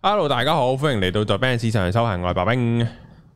Hello，大家好，歡迎嚟到在 Benz 上修行，我係白兵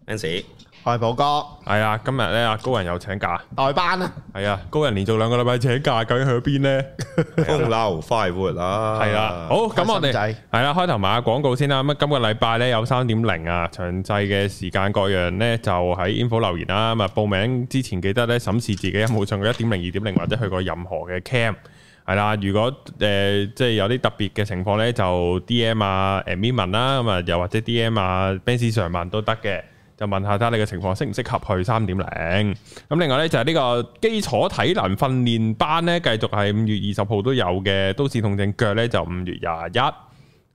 ，Benz，我係寶哥，係啊，今日咧高人又請假，代班啊，係啊，高人連續兩個禮拜請假，究竟去邊咧？ 的風流快活啊！係啦，好，咁我哋係啦，開頭買下廣告先啦，咁啊，今個禮拜咧有三點零啊，詳細嘅時間各樣咧就喺 info 留言啦，咁啊報名之前記得咧審視自己有冇上過一點零、二點零或者去過任何嘅 camp。係啦，如果誒、呃、即係有啲特別嘅情況呢，就 D.M 啊、誒面、e、問啦，咁啊又或者 D.M 啊、Benz Sir 問都得嘅，就問下睇下你嘅情況適唔適合去三點零。咁另外呢，就係、是、呢個基礎體能訓練班呢，繼續係五月二十號都有嘅，都市痛症腳呢就五月廿一，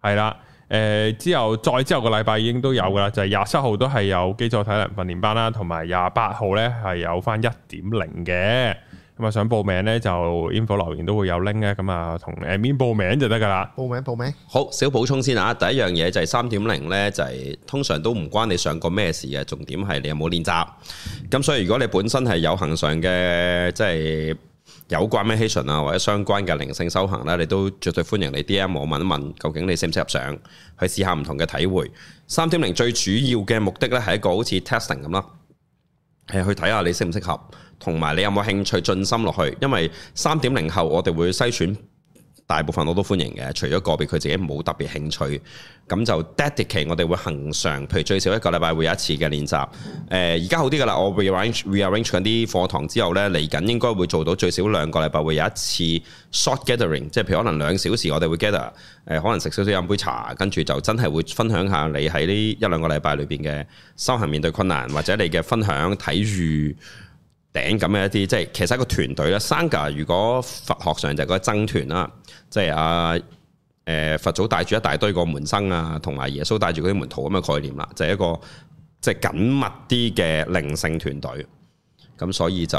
係啦，誒、呃、之後再之後個禮拜已經都有噶啦，就係廿七號都係有基礎體能訓練班啦，同埋廿八號呢係有翻一點零嘅。咁啊，想報名咧就 Info 留言都會有 link 嘅，咁啊同 Admin 報名就得噶啦。報名報名，好，少補充先啊。第一樣嘢就係三點零咧，就係、是、通常都唔關你上過咩事嘅，重點係你有冇練習。咁、嗯、所以如果你本身係有恒常嘅，即、就、係、是、有關咩 meditation 啊或者相關嘅靈性修行咧，你都絕對歡迎你 D.M 我問一問，究竟你適唔適合上，去試下唔同嘅體會。三點零最主要嘅目的咧係一個好似 testing 咁囉，係去睇下你適唔適合。同埋你有冇興趣進心落去？因為三點零後，我哋會篩選大部分我都歡迎嘅，除咗個別佢自己冇特別興趣，咁就 dedicate 我哋會恒常，譬如最少一個禮拜會有一次嘅練習。誒，而家好啲噶啦，我 rearrange、rearrange 緊啲課堂之後呢，嚟緊應該會做到最少兩個禮拜會有一次 short gathering，即係譬如可能兩小時，我哋會 gather 誒、呃，可能食少少飲杯茶，跟住就真係會分享下你喺呢一兩個禮拜裏邊嘅修行、面對困難或者你嘅分享、體遇。頂咁嘅一啲，即係其實一個團隊咧，三噶如果佛學上就嗰個僧團啦，即係阿誒佛祖帶住一大堆個門生啊，同埋耶穌帶住嗰啲門徒咁嘅概念啦，就係、一個即係緊密啲嘅靈性團隊。咁所以就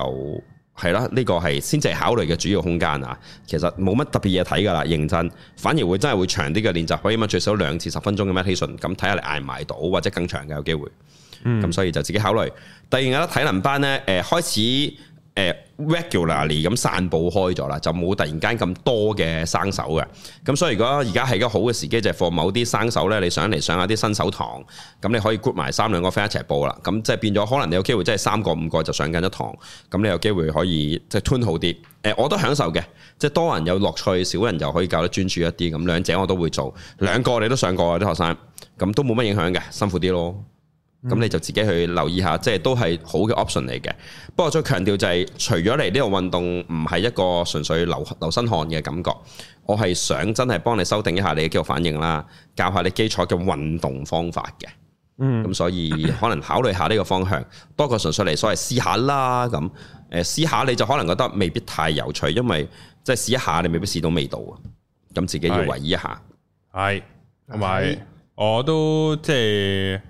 係啦，呢、啊這個係先至係考慮嘅主要空間啊。其實冇乜特別嘢睇噶啦，認真反而會真係會長啲嘅練習，可以咪最少兩次十分鐘嘅 meditation，咁睇下你捱唔捱到或者更長嘅有機會。咁、嗯、所以就自己考慮。突然間咧，體能班咧，誒開始誒 regularly 咁散步開咗啦，就冇突然間咁多嘅生手嘅。咁所以如果而家係一個好嘅時機，就放、是、某啲生手咧，你上嚟上下啲新手堂，咁你可以 group 埋三兩個 friend 一齊報啦。咁即係變咗，可能你有機會即係三個五個就上緊一堂。咁你有機會可以即係 turn 好啲。誒，我都享受嘅，即係多人有樂趣，少人又可以教得專注一啲。咁兩者我都會做。兩個你都上過啲學生，咁都冇乜影響嘅，辛苦啲咯。咁、嗯、你就自己去留意下，即係都係好嘅 option 嚟嘅。不過再強調就係、是，除咗嚟呢個運動唔係一個純粹流流身汗嘅感覺，我係想真係幫你修訂一下你嘅肌肉反應啦，教下你基礎嘅運動方法嘅。嗯，咁所以可能考慮下呢個方向，多過純粹嚟所謂試下啦。咁誒，試下你就可能覺得未必太有趣，因為即係試一下你未必試到味道啊。咁自己要留意一下。係，係咪？我都即係。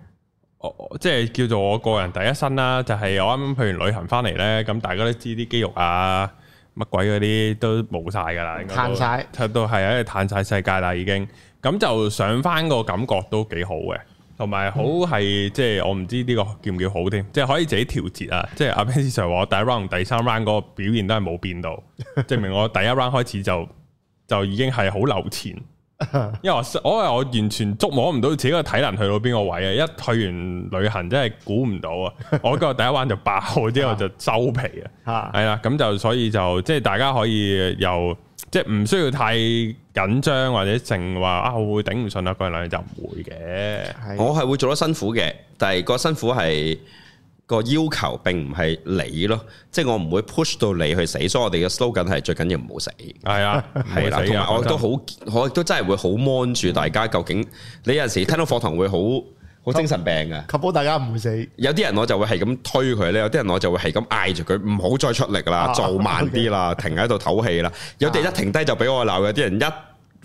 即係、哦就是、叫做我個人第一身啦，就係、是、我啱啱去完旅行翻嚟咧，咁大家都知啲肌肉啊乜鬼嗰啲都冇晒噶啦，應該彈晒，到係喺度彈晒世界啦已經，咁就上翻個感覺都幾好嘅，同埋好係即係我唔知呢個叫唔叫好添，即、就、係、是、可以自己調節啊，嗯、即係阿 Ben Sir 話我第一 round 同第三 round 嗰個表現都係冇變到， 證明我第一 round 開始就就已經係好流前。因為我我係我完全捉摸唔到自己個體能去到邊個位啊！一去完旅行真係估唔到啊！ 我個第一晚就爆，之後就收皮啊！係啦， 咁就所以就即係大家可以由即係唔需要太緊張或者淨話啊我會頂唔順啊嗰樣就唔會嘅。的我係會做得辛苦嘅，但係個辛苦係。個要求並唔係你咯，即係我唔會 push 到你去死，所以我哋嘅 slogan 係：「最緊要唔好死。」係啊，唔會死。同埋我都好，我都真係會好 mon 住大家究竟。你有陣時聽到課堂會好好 精神病㗎，確保大家唔會死。有啲人我就會係咁推佢咧，有啲人我就會係咁嗌住佢唔好再出力啦，啊、做慢啲啦，啊 okay。停喺度唞氣啦。有啲人一停低就俾我鬧，有啲人一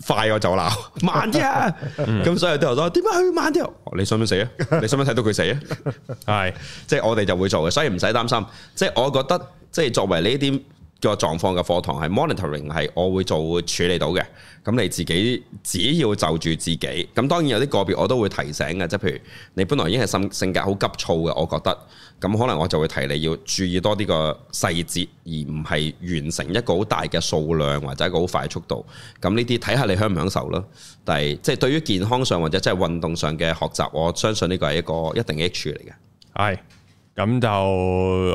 快我就鬧，慢啲啊！咁 所以都有咗，點解 佢要慢啲？ 你想唔想死啊？你想唔想睇到佢死啊？係，即係我哋就會做嘅，所以唔使擔心。即係我覺得，即係作為呢啲。個狀況嘅課堂係 monitoring，係我會做會處理到嘅。咁你自己只要就住自己咁，當然有啲個別我都會提醒嘅。即譬如你本來已經係性性格好急躁嘅，我覺得咁可能我就會提你要注意多啲個細節，而唔係完成一個好大嘅數量或者一個好快嘅速度。咁呢啲睇下你享唔享受咯。但係即係對於健康上或者即係運動上嘅學習，我相信呢個係一個一定嘅益處嚟嘅。係，咁就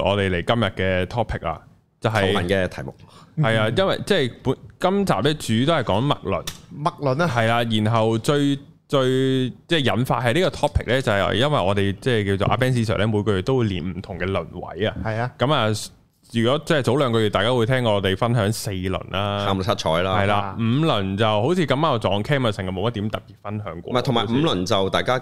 我哋嚟今日嘅 topic 啦。就係、是、文嘅題目，係、嗯、啊，因為即係本今集咧，主要都係講脈輪，脈輪咧係啊，然後最最即係、就是、引發係呢個 topic 咧，就係因為我哋即係叫做 Advanced 咧，每個月都會練唔同嘅輪位啊，係啊，咁啊，如果即係早兩個月，大家會聽過我哋分享四輪啦，含七彩啦，係啦了，啊、五輪就好似咁啱撞 cam 啊，成日冇乜點特別分享過，唔係，同埋五輪就大家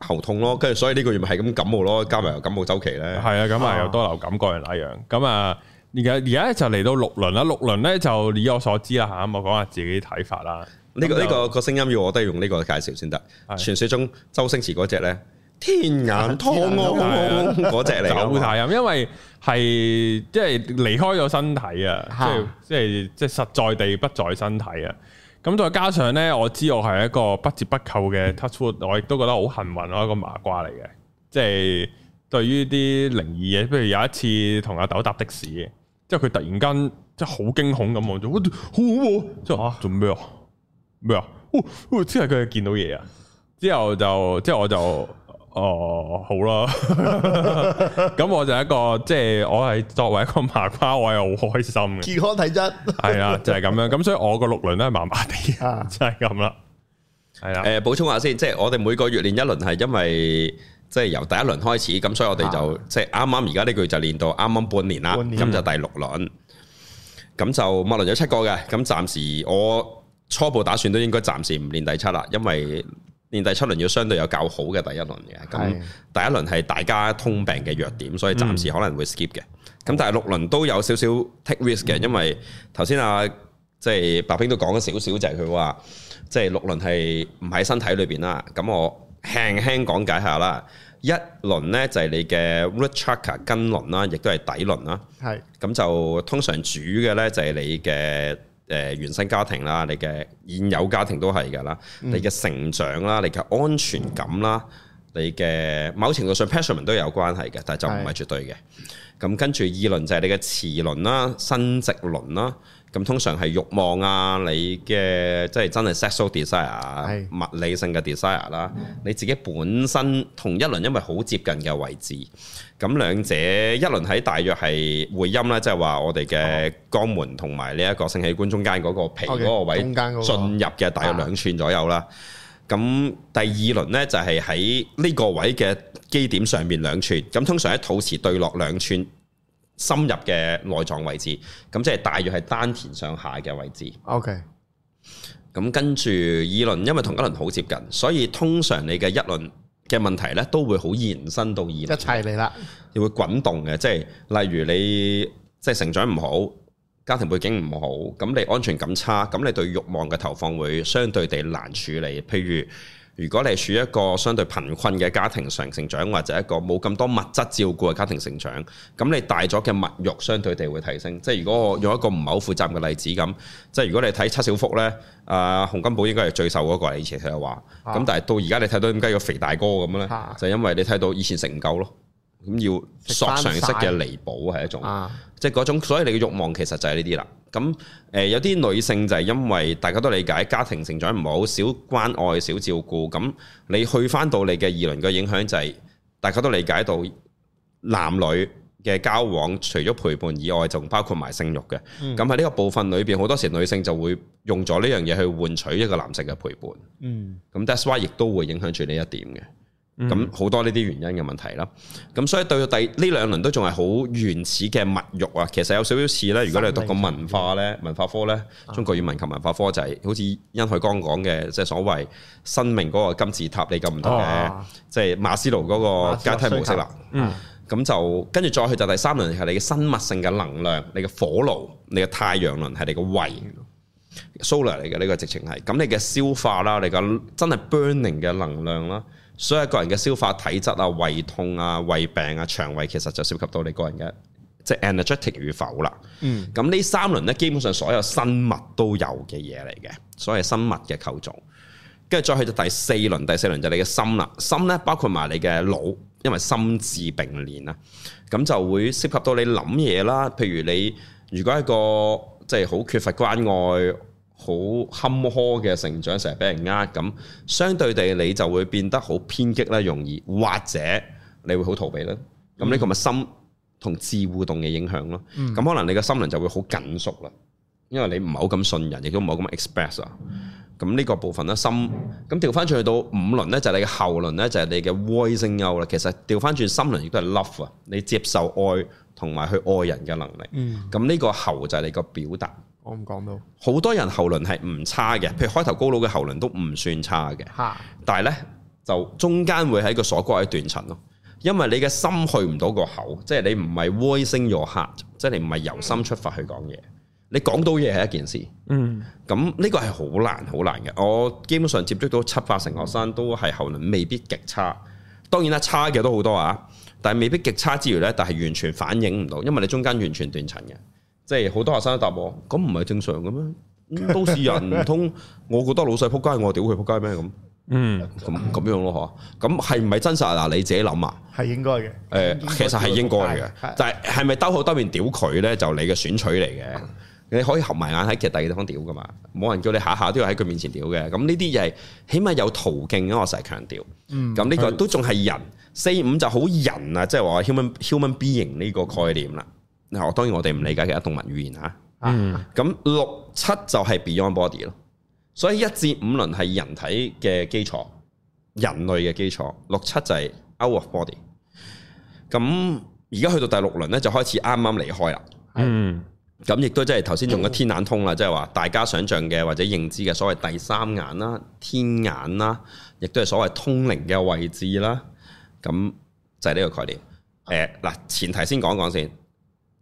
喉痛咯，跟住所以呢個月咪係咁感冒咯，加埋又感冒週期咧，係啊，咁啊又多流感各樣那樣，咁啊。啊啊而家而家就嚟到六輪啦，六輪咧就以我所知啦嚇、啊，我講下自己睇法啦。呢、這個呢個就個聲音要我都係用呢個介紹先得。是傳説中周星馳嗰隻咧，天眼通嗰隻嚟啊！冇太啊，因為係即係離開咗身體啊，即係即係即係實在地不在身體啊。咁再加上咧，我知我係一個不折不扣嘅 touchwood，我亦都覺得好幸運咯，一個麻瓜嚟嘅。即、就、係、是、對於啲靈異嘢，譬如有一次同阿豆搭的士。因為佢突然間即係好驚恐咁望住，哇，好好喎！即係做咩啊？咩啊？即係佢見到嘢啊！之後,即、啊、之後就即係我就哦、呃、好啦，咁我就一個即係我係作為一個麻瓜，我又好開心嘅健康體質。係啊，就係、是、咁樣。咁所以我個六輪都係麻麻地啊，就係咁啦。係啊、呃，誒，補充下先，即係我哋每個月練一輪，係因為。即係由第一輪開始，咁所以我哋就即係啱啱而家呢句就練到啱啱半年啦，咁就第六輪，咁就脈輪有七個嘅，咁暫時我初步打算都應該暫時唔練第七啦，因為練第七輪要相對有較好嘅第一輪嘅，咁是第一輪係大家通病嘅弱點，所以暫時可能會 skip 嘅，咁、嗯、但係六輪都有少少 take risk 嘅，嗯、因為頭先阿即係白兵都講咗少少，就係佢話即係六輪係唔喺身體裏邊啦，咁我。輕輕講解下啦，一輪呢，就係、是、你嘅 root chakra 根輪啦，亦都係底輪啦。係咁是就通常主嘅呢，就係、是、你嘅誒、呃、原生家庭啦，你嘅現有家庭都係噶啦，你嘅成長啦，你嘅安全感啦，嗯、你嘅某程度上 passion、嗯、都有關係嘅，但係就唔係絕對嘅。咁是跟住二輪就係你嘅臍輪啦、生殖輪啦。咁通常係慾望啊，你嘅即係真係 sexual desire，物理性嘅 desire 啦。嗯、你自己本身同一輪因為好接近嘅位置，咁兩者一輪喺大約係會陰啦，即係話我哋嘅肛門同埋呢一個性器官中間嗰個皮嗰個位，進入嘅大約兩寸左右啦。咁第二輪咧就係喺呢個位嘅基點上面兩寸，咁通常喺肚臍對落兩寸。深入嘅內臟位置，咁即係大約係丹田上下嘅位置。OK，咁跟住二輪，因為同一輪好接近，所以通常你嘅一輪嘅問題咧，都會好延伸到二輪，一齊嚟啦，你會滾動嘅。即係例如你即係成長唔好，家庭背景唔好，咁你安全感差，咁你對慾望嘅投放會相對地難處理。譬如如果你係處於一個相對貧困嘅家庭上成長，或者一個冇咁多物質照顧嘅家庭成長，咁你大咗嘅物慾相對地會提升。即係如果我用一個唔係好負責任嘅例子咁，即係如果你睇七小福咧，啊、呃、洪金寶應該係最瘦嗰、那個嚟，你以前佢又話，咁、啊、但係到而家你睇到點解要肥大哥咁咧，啊、就因為你睇到以前食唔夠咯，咁要索常識嘅彌補係一種。啊啊即係嗰種，所以你嘅慾望其實就係呢啲啦。咁誒、呃、有啲女性就係因為大家都理解家庭成長唔好少關愛少照顧，咁你去翻到你嘅二輪嘅影響就係、是、大家都理解到男女嘅交往除咗陪伴以外，仲包括埋性慾嘅。咁喺呢個部分裏邊，好多時女性就會用咗呢樣嘢去換取一個男性嘅陪伴。嗯，咁 that's why 亦都會影響住呢一點嘅。咁好多呢啲原因嘅問題啦，咁所以對到第呢兩輪都仲係好原始嘅物欲啊，其實有少少似咧。如果你讀個文化咧、文化科咧、中國語文及文化科就係好似殷海光講嘅，即係所謂生命嗰個金字塔你咁唔同嘅，即係馬斯洛嗰個階梯模式啦。咁就跟住再去就第三輪係你嘅生物性嘅能量，你嘅火爐，你嘅太陽輪係你嘅胃，solar 嚟嘅呢個直情係。咁你嘅消化啦，你嘅真係 burning 嘅能量啦。所以個人嘅消化體質啊、胃痛啊、胃病啊、腸胃其實就涉及到你個人嘅即係 energetic 與否啦。嗯，咁呢三輪咧基本上所有生物都有嘅嘢嚟嘅，所謂生物嘅構造。跟住再去到第四輪，第四輪就係你嘅心啦。心咧包括埋你嘅腦，因為心智並連啊。咁就會涉及到你諗嘢啦。譬如你如果一個即係好缺乏關愛。好坎坷嘅成長，成日俾人呃咁，相對地你就會變得好偏激啦，容易或者你會好逃避啦。咁呢、嗯、個咪心同智互動嘅影響咯。咁、嗯、可能你嘅心靈就會好緊縮啦，因為你唔係好咁信任，亦都唔係咁 express 啊。咁呢、嗯、個部分咧，心咁調翻轉去到五輪咧，就係、是、你嘅喉輪咧，就係、是、你嘅 voicing out 啦。其實調翻轉心輪亦都係 love 啊，你接受愛同埋去愛人嘅能力。咁呢、嗯、個喉就係你嘅表達。我唔講到，好多人喉輪係唔差嘅，譬如開頭高佬嘅喉輪都唔算差嘅，嚇哈。但係咧就中間會喺個鎖骨喺斷層咯，因為你嘅心去唔到個口，即係你唔係 voicing your heart，即係你唔係由心出發去講嘢。你講到嘢係一件事，嗯，咁呢個係好難好難嘅。我基本上接觸到七八成學生都係喉輪未必極差，當然啦，差嘅都好多啊，但係未必極差之餘咧，但係完全反映唔到，因為你中間完全斷層嘅。即係好多學生都答我，咁唔係正常嘅咩？都市人，唔通我覺得老細仆街，我屌佢仆街咩咁？嗯，咁咁樣咯吓，咁係唔係真實啊？你自己諗啊，係應該嘅。誒，其實係應該嘅，但係係咪兜口兜面屌佢咧？就是，你嘅選取嚟嘅，你可以合埋眼喺第二地方屌噶嘛？冇人叫你下下都要喺佢面前屌嘅。咁呢啲嘢，起碼有途徑咯。我成日強調，咁呢、嗯、個都仲係人，四五就好人啊，即、就、係、是、話 human human being 呢個概念啦。嗯嗱，當然我哋唔理解其他動物語言吓，咁六七就係 beyond body 咯，所以一至五輪係人體嘅基礎，人類嘅基礎，六七就係 out of body。咁而家去到第六輪咧，就開始啱啱離開啦。咁亦都即係頭先用咗天眼通啦，即係話大家想象嘅或者認知嘅所謂第三眼啦、天眼啦，亦都係所謂通靈嘅位置啦。咁就係呢個概念。誒，嗱，前提先講一講先。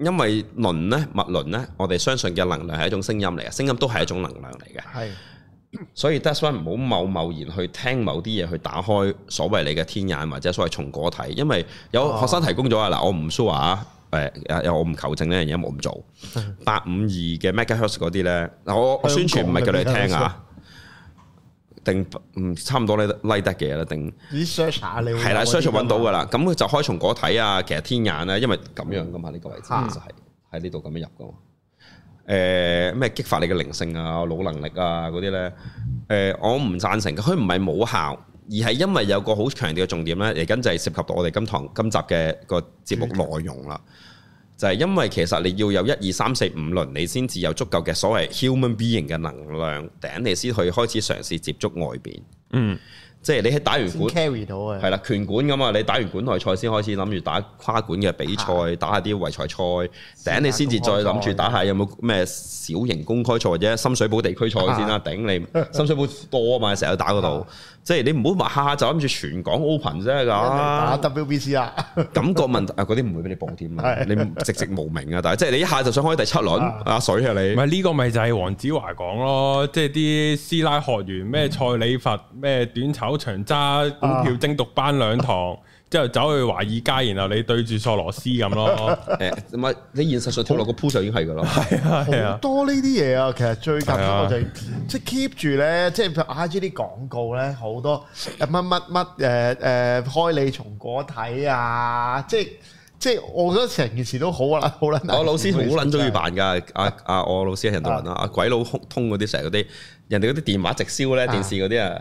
因為輪咧，物輪咧，我哋相信嘅能量係一種聲音嚟嘅，聲音都係一種能量嚟嘅。係的，所以大家唔好貿貿然去聽某啲嘢，去打開所謂你嘅天眼或者所謂松果體，因為有學生提供咗啊。嗱、哦，我唔 sure 啊，誒，又我唔求證呢樣嘢，冇咁做。八五二嘅 Mac House 嗰啲咧，嗱，我宣傳唔係叫你聽啊。定唔差唔多拉拉得嘅啦，定。啲 search 下你、啊，係啦，search 揾到噶啦。咁佢就開松果體啊，其實天眼咧、啊，因為咁樣噶嘛呢、這個位置、啊、就係喺呢度咁樣入噶。誒、呃，咩激發你嘅靈性啊、腦能力啊嗰啲咧？誒、呃，我唔讚成噶，佢唔係冇效，而係因為有個好強調嘅重點咧，嚟緊就係涉及到我哋今堂今集嘅個節目內容啦。就係因為其實你要有一二三四五輪，你先至有足夠嘅所謂 human being 嘅能量頂你，先去開始嘗試接觸外邊。嗯，即係你喺打完管 carry 到啊，係啦，拳館咁啊，你打完館內賽先開始諗住打跨館嘅比賽，啊、打一下啲圍賽賽，頂你先至再諗住打下有冇咩小型公開賽或者深水埗地區賽先啦、啊。啊、頂你 深水埗多啊嘛，成日打嗰度。啊。即係你唔好話下下就諗住全港 open 啫㗎，WBC 啊，感覺問題啊嗰啲唔會俾你報添啊，你籍籍無名啊，但係即係你一下就想開第七輪阿、 啊、水啊你，唔係呢個咪就係黃子華講咯，即係啲師奶學員咩蔡李佛咩短炒長揸股票精讀班兩堂。 之後走去華爾街，然後你對住索羅斯咁咯。誒，唔係你現實上睇落個鋪上已經係噶咯。係啊係啊，好多呢啲嘢啊，其實最近我哋，即係 keep 住咧，即係譬如 I G 啲廣告咧，好多乜乜乜誒誒，開你蟲果體啊，即係即係我覺得成件事都好啊，好撚。我老師好撚中意扮噶，阿阿我老師係人度人啊，鬼佬通嗰啲成日嗰啲，人哋嗰啲電話直銷咧，電視嗰啲啊。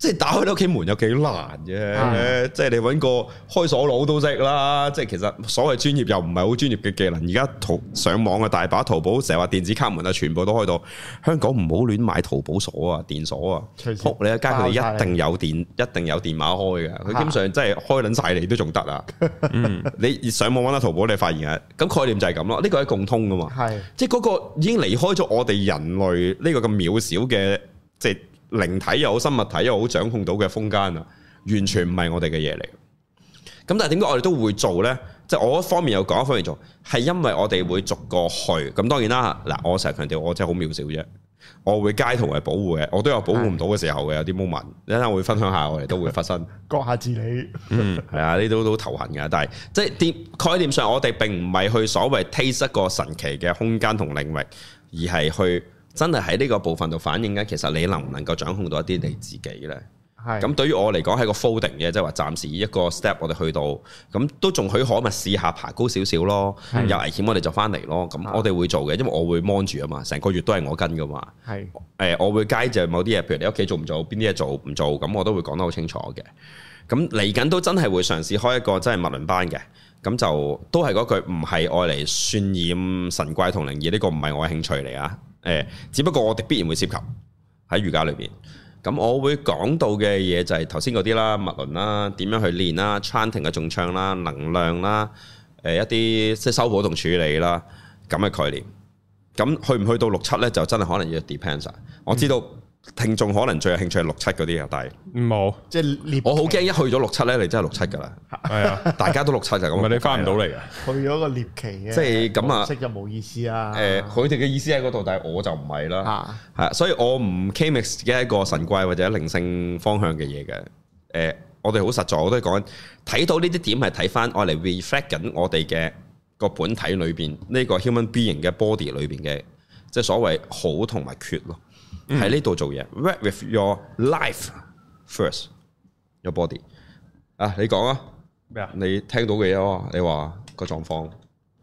即係打開你屋企門有幾難啫、啊，的即係你搵個開鎖佬都識啦。即係其實所謂專業又唔係好專業嘅技能。而家淘上網啊，大把淘寶成日話電子卡門啊，全部都開到。香港唔好亂買淘寶鎖啊，電鎖啊，扑你一街佢哋一定有電，一定有電話開嘅。佢的基本上真係開捻晒你都仲得啊的、嗯。你上網玩下淘寶，你發現啊，咁概念就係咁咯。呢、這個係共通噶嘛，的即係嗰個已經離開咗我哋人類呢個咁渺小嘅，即係。靈體又好，生物體又好，掌控到嘅空間啊，完全唔係我哋嘅嘢嚟。咁但係點解我哋都會做呢？即係我一方面又講，一方面做，係因為我哋會逐個去。咁當然啦，嗱，我成日強調，我真係好渺小啫。我會街頭係保護嘅，我都有保護唔到嘅時候嘅。有啲 moment，一陣會分享下，我哋都會發生閣 下自理，嗯，係啊，呢都都頭痕嘅。但係即係啲概念上，我哋並唔係去所謂 take 個神奇嘅空間同領域，而係去。真係喺呢個部分度反映緊，其實你能唔能夠掌控到一啲你自己咧？咁是，對於我嚟講，係個 floating 嘅，即係話暫時一個 step，我哋去到咁都仲許可，咪試下爬高少少咯。嗯、有危險我，我哋就翻嚟咯。咁我哋會做嘅，因為我會 mon 住啊嘛，成個月都係我跟噶嘛。係誒是、欸，我會介就某啲嘢，譬如你屋企做唔做，邊啲嘢做唔做，咁我都會講得好清楚嘅。咁嚟緊都真係會嘗試開一個真係脈輪班嘅，咁就都係嗰句，唔係愛嚟渲染神怪同靈異，呢、這個唔係我嘅興趣嚟啊。誒，只不過我哋必然會涉及喺瑜伽裏邊。咁我會講到嘅嘢就係頭先嗰啲啦，脈輪啦，點樣去練啦 chanting 嘅重唱啦，能量啦，誒、呃、一啲即係修補同處理啦，咁嘅概念。咁去唔去到六七咧，就真係可能要 depends、嗯、 我知道。聽眾可能最有興趣係六七嗰啲嘅，但係唔冇，有即係我好驚一去咗六七咧，7, 你真係六七噶啦，係啊，哎、呀大家都六七就咁，咪 你翻唔到嚟。啊？ 去咗個獵奇啊，即係咁啊，識就冇意思啊。誒、呃，佢哋嘅意思喺嗰度，但係我就唔係啦，係、啊啊、所以我唔 kamix 嘅一個神怪或者靈性方向嘅嘢嘅。誒、呃，我哋好實在，我都係講睇到呢啲點係睇翻我嚟 reflect 緊我哋嘅個本體裏邊呢、這個 human being 嘅 body 裏邊嘅，即係所謂好同埋缺咯。喺呢度做嘢，work with your life first。your body 啊，你講啊，咩啊麼？你聽到嘅嘢啊，你話個狀況，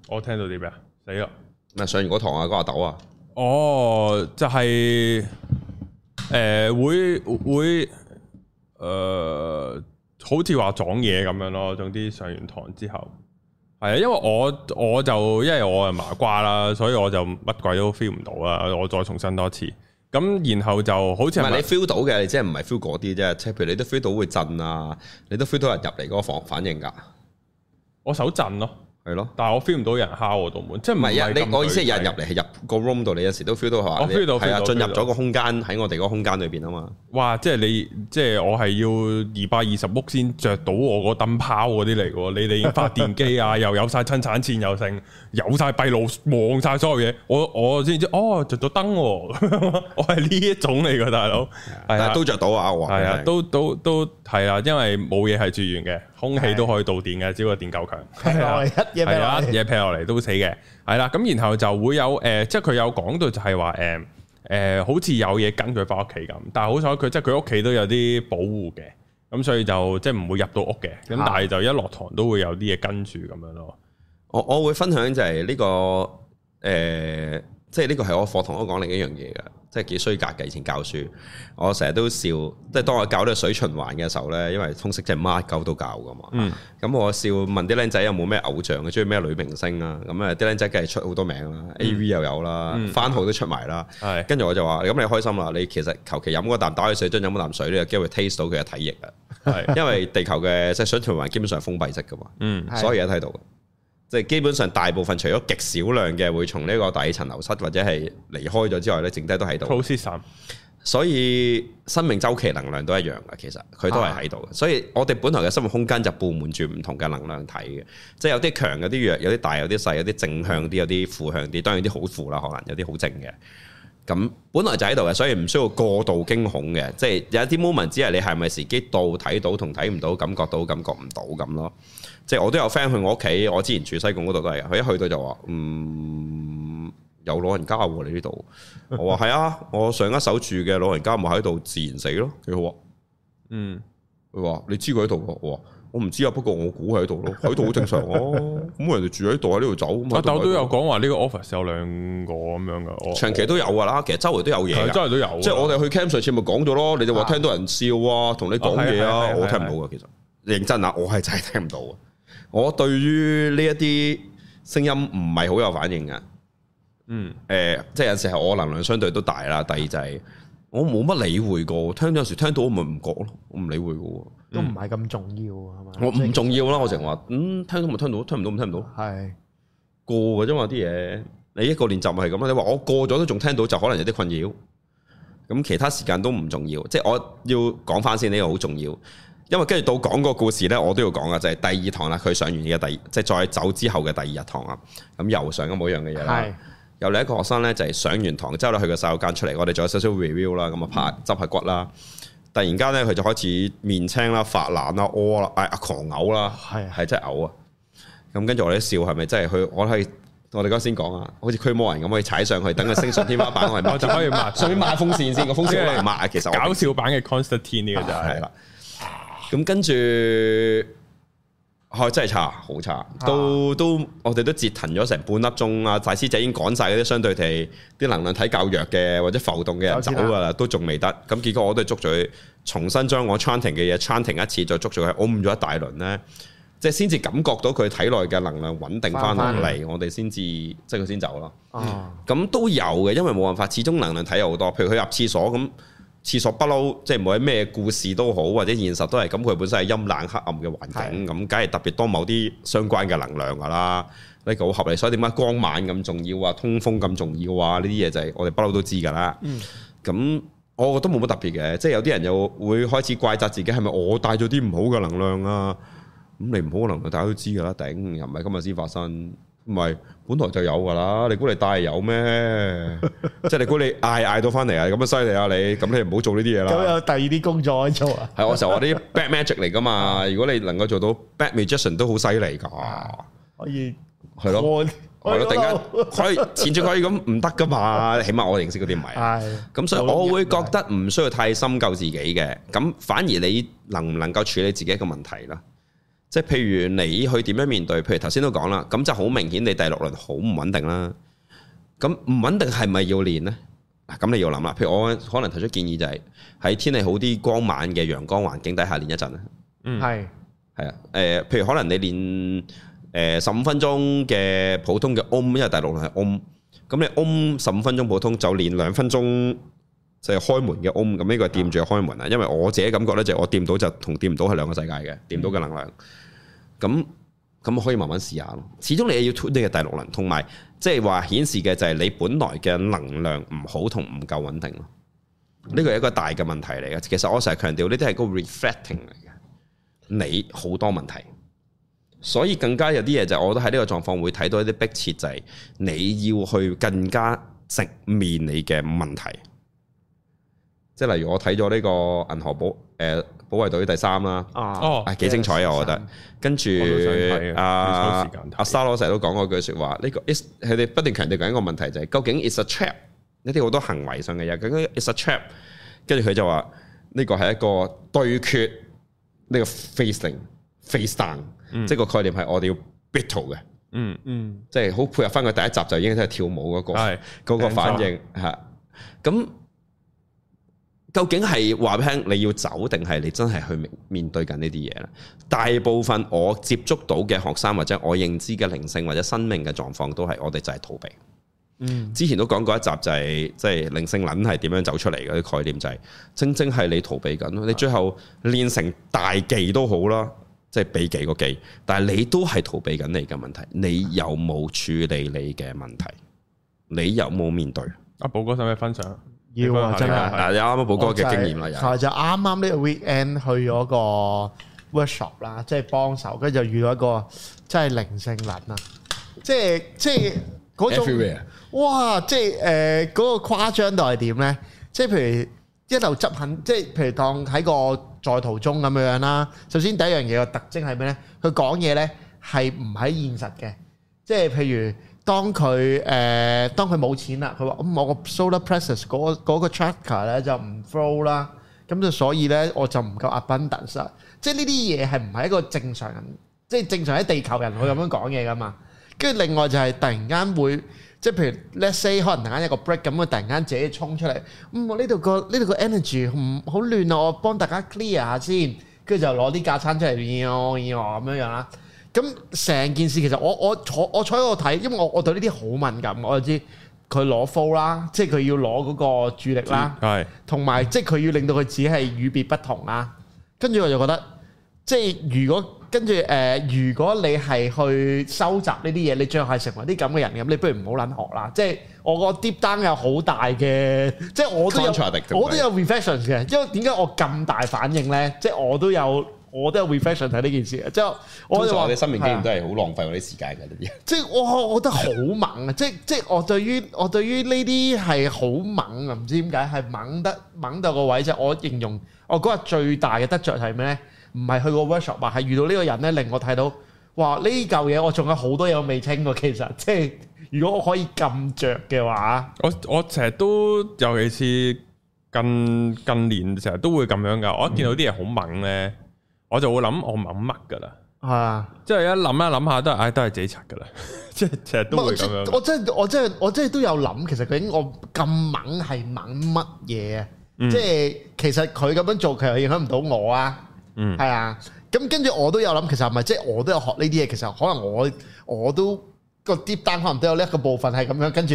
我聽到啲咩啊？死啦，咪上完嗰堂啊，嗰個阿豆啊，哦，就係、是、誒、呃，會會誒、呃，好似話撞嘢咁樣咯。總之上完堂之後，係啊，因為我我就因為我係麻瓜啦，所以我就乜鬼都 feel 唔到啦。我再重申多次。咁然後就好似唔係你 feel 到嘅，即係唔係 feel 嗰啲啫，即係譬如你都 feel 到會震啊，你都 feel 到人入嚟嗰個反反應㗎、啊，我手震咯、啊。係咯，但係我 feel 唔到人敲我度門，是即係唔係你，我意思係有人入嚟係入個 room 度，你有時都 feel 到，我 feel 到，係你啊，進入咗個空間喺我哋嗰空間裏邊啊嘛。哇，即係你即係我係要二百二十屋先着到我個燈泡嗰啲嚟嘅，你哋發電機啊 又有晒生產線又剩，有晒閉路望晒所有嘢，我我先知哦着到燈，我係呢、哦啊、 一種嚟嘅大佬， 但係都着到啊，我係啊，都都都係啦，因為冇嘢係住完嘅。空氣都可以導電嘅，只不過電夠強。係啊的，嘢劈落嚟都死嘅。係啦，咁然後就會有誒、呃，即係佢有講到就係話誒誒，好似有嘢跟佢翻屋企咁。但係好彩佢即係佢屋企都有啲保護嘅，咁所以就即係唔會入到屋嘅。咁的但係就一落堂都會有啲嘢跟住咁樣咯。我我會分享就係呢個誒。呃即係呢個係我課堂我都講另一樣嘢嘅，即係幾衰格嘅。以前教書，我成日都笑。即係當我教呢個水循環嘅時候咧，因為通識即係乜教都教嘅嘛。咁、嗯、我笑問啲僆仔有冇咩偶像嘅，中意咩女明星啊？咁啊，啲僆仔梗係出好多名啦、嗯、AV 又有啦，番號都出埋啦。跟住、嗯、我就話，咁你開心啦，你其實求其飲個啖打開水樽飲啖水你有機會 taste 到佢嘅體液啊。嗯、因為地球嘅即係水循環基本上封閉式嘅嘛，嗯嗯、所以嘢睇到。即係基本上大部分，除咗極少量嘅會從呢個大氣層流失或者係離開咗之外咧，剩低都喺度。所以生命周期能量都一樣嘅，其實佢都係喺度。所以我哋本來嘅生活空間就布滿住唔同嘅能量體嘅，即係有啲強，有啲弱，有啲大，有啲細，有啲正向啲，有啲負向啲。當然啲好負啦，可能有啲好正嘅。咁本來就喺度嘅，所以唔需要過度驚恐嘅。即係有一啲 moment，只係你係咪時機到睇到同睇唔到，感覺到感覺唔到咁咯。即係我都有 friend 去我屋企，我之前住西貢嗰度都係，佢一去到就話，嗯，有老人家喎你呢度。我話係啊，我上一手住嘅老人家咪喺度自然死咯，幾好啊。嗯，佢話你知佢喺度咯。我話我唔知啊，不過我估喺度咯，喺度好正常哦。咁人哋住喺度喺呢度走。啊，但我都有講話呢個 office 有兩個咁樣噶，長期都有噶啦。其實周圍都有嘢，周圍都有。即係我哋去 Camp 上次咪講咗咯，你就話聽到人笑啊，同你講嘢啊，我聽唔到噶。其實認真啊，我係真係聽唔到。我對於呢一啲聲音唔係好有反應嘅，嗯，誒，呃，即係有時候我能量相對都大啦。第二就係我冇乜理會過，聽有時聽到我咪唔覺咯，我唔理會嘅，嗯，都唔係咁重要啊嘛。我唔重要啦，是我成日話，嗯，聽到咪聽到，聽唔到咪聽唔到，係是過嘅啫嘛，啲嘢。你一個練習係咁，你話我過咗都仲聽到，就可能有啲困擾。咁其他時間都唔重要，即係我要講翻先，呢個好重要。因為跟住到講個故事咧，我都要講啊，就係第二堂啦。佢上完嘅第，即係再走之後嘅第二日堂啊。咁又上咁樣嘅嘢啦。又是另一個學生咧就係上完堂之後咧去個洗手間出嚟，我哋再少少 review 啦。咁啊拍執下骨啦。嗯、突然間咧佢就開始面青啦、發冷啦、屙啦、啊狂嘔啦，係係真係嘔啊。咁跟住我哋笑係咪？真係佢我係我哋剛才先講啊，啊啊啊啊啊啊啊是是好似驅魔人咁可以踩上去，等佢升上天花板，我就可以抹上面抹風扇先個 風扇抹其實搞笑版嘅 Constantine 呢個就係啦。 咁跟住，係、啊、真係差，好差，啊、都都我哋都折騰咗成半粒鐘啊！大師仔已經趕晒啲相對地，啲能量體較弱嘅或者浮動嘅人走㗎啦，都仲未得。咁結果我都係捉住佢，重新將我 chanting 嘅嘢 chanting 一次，再捉住佢。我咗一大輪呢，即係先至感覺到佢體內嘅能量穩定翻落嚟，返返我哋先至即係佢先走咯。哦、啊，咁、嗯、都有嘅，因為冇辦法，始終能量體有好多。譬如佢入廁所咁。廁所不嬲，即係無論咩故事都好，或者現實都係咁。佢本身係陰冷黑暗嘅環境，咁梗係特別多某啲相關嘅能量噶啦。呢、這個好合理，所以點解光猛咁重要啊？通風咁重要啊？呢啲嘢就係我哋不嬲都知噶啦。咁、嗯、我覺得冇乜特別嘅，即係有啲人又會開始怪責自己，係咪我帶咗啲唔好嘅能量啊？咁你唔好嘅能量大家都知噶啦，頂又唔係今日先發生。唔係，本來就有㗎啦。你估你帶有咩？即係你估你嗌嗌到翻嚟啊？咁啊犀利啊你！咁你唔好做呢啲嘢啦。咁有第二啲工作可以做啊？係我成日話啲 bad magic 嚟噶嘛。如果你能夠做到 bad magician，都好犀利噶。可以係咯，我我突然間可以纏住佢咁唔得噶嘛？起碼我認識嗰啲唔係。係。咁所以，我會覺得唔需要太深究自己嘅。咁反而你能唔能夠處理自己一個問題啦？即係譬如你去點樣面對？譬如頭先都講啦，咁就好明顯你第六輪好唔穩定啦。咁唔穩定係咪要練呢？嗱，咁你要諗啦。譬如我可能提出建議就係、是、喺天氣好啲、光猛嘅陽光環境底下練一陣。嗯，係，係啊。誒，譬如可能你練誒十五分鐘嘅普通嘅嗡，因為第六輪係嗡。咁你嗡十五分鐘普通就練兩分鐘。就係開門嘅 Om 咁呢個掂住開門啊，因為我自己感覺咧，就我掂到就同掂唔到係兩個世界嘅掂到嘅能量。咁咁可以慢慢試下咯。始終你要推呢個第六輪，同埋即係話顯示嘅就係你本來嘅能量唔好同唔夠穩定咯。呢個係一個大嘅問題嚟嘅。其實我成日強調呢啲係個 reflecting 嚟嘅，你好多問題，所以更加有啲嘢就係我覺得喺呢個狀況會睇到一啲迫切就係你要去更加直面你嘅問題。即係例如我睇咗呢個銀河保誒保衞隊第三啦，哦，幾精彩啊！我覺得。跟住阿阿沙羅成日都講嗰句説話，呢個 is 佢哋不斷強調緊一個問題，就係究竟 is a trap？呢啲好多行為上嘅嘢究竟 is a trap？跟住佢就話呢個係一個對決，呢個 facing face down，即係個概念係我哋要 battle 嘅。嗯嗯，即係好配合翻佢第一集就已經都係跳舞嗰個，反應嚇。咁究竟係話俾聽你要走，定係你真係去面對緊呢啲嘢呢？大部分我接觸到嘅學生或者我認知嘅靈性或者生命嘅狀況，都係我哋就係逃避。嗯，之前都講過一集就係即係靈性諗係點樣走出嚟嗰啲概念，就是，就係正正係你逃避緊。你最後練成大忌都好啦，即係避幾個技，但係你都係逃避緊你嘅問題。你有冇處理你嘅問題？你有冇面對？阿寶、啊、哥有咩分享？要啊，真係嗱，你啱啱寶哥嘅經驗啦，係就啱啱呢個 weekend 去咗個 workshop 啦，即係幫手，跟住就遇到一個真係靈性撚啊。即係即係嗰種 Everywhere. 哇，即係誒嗰個誇張到係點咧？即係譬如一路執行，即係譬如當喺個在途中咁樣啦。首先第一樣嘢嘅特徵係咩咧？佢講嘢咧係唔喺現實嘅，即係譬如。當佢誒、呃，當佢冇錢啦，佢話：咁、嗯、我個、嗰個 solar panels 嗰個嗰個 charger 咧就唔 flow 啦，咁就所以咧我就唔夠 abundance。即係呢啲嘢係唔係一個正常人，即係正常喺地球人去咁樣講嘢㗎嘛？跟住、嗯、另外就係突然間會，即係譬如 let's say 可能突然間一個 break 咁，佢突然間自己衝出嚟，咁我呢度個呢度個 energy 唔好亂啊，我幫大家 clear 下先，跟住就攞啲架撐出嚟咁樣樣啦。咁成件事其實我我坐我坐喺度睇，因為我我對呢啲好敏感，我就知佢攞 flow 啦，即係佢要攞嗰個注意力啦，係同埋即係佢要令到佢只係與別不同啦。跟住我就覺得，即係如果跟住誒、呃，如果你係去收集呢啲嘢，你將來成為啲咁嘅人咁，你不如唔好撚學啦。即係我個 deep down 有好大嘅， 即係我都有我都有 reflection 嘅，因為點解我咁大反應咧？即係我都有。我都有 reflection 睇呢件事啊，即係我哋話啲生命經驗都係好浪費我啲時間㗎啲、啊、些即係哇！我覺得好猛啊！ 即係即係我對於我對於呢啲係好猛啊！唔知點解係猛得猛到個位啫！即係、我形容我嗰日最大嘅得着係咩咧？唔係去個 workshop，係遇到呢個人咧，令我睇到話呢嚿嘢我仲有好多嘢未清喎。其實即係如果我可以咁着嘅話，我我成日都尤其是近近年成日都會咁樣㗎。我一見到啲嘢好猛咧～、嗯我就會諗我猛乜噶啦，係啊，即係一諗一諗下都係，唉，都係自己拆噶啦，即 係其實都會咁樣。我真係我真係我真係都有諗，其實究竟我咁猛係猛乜嘢啊？嗯、即係其實佢咁樣做，其實影響唔到我啊，係、嗯、啊。咁跟住我都有諗，其實唔係，即、就、係、是、我都有學呢啲嘢。其實可能我我都個 deep down 可能都有呢一個部分係咁樣。跟住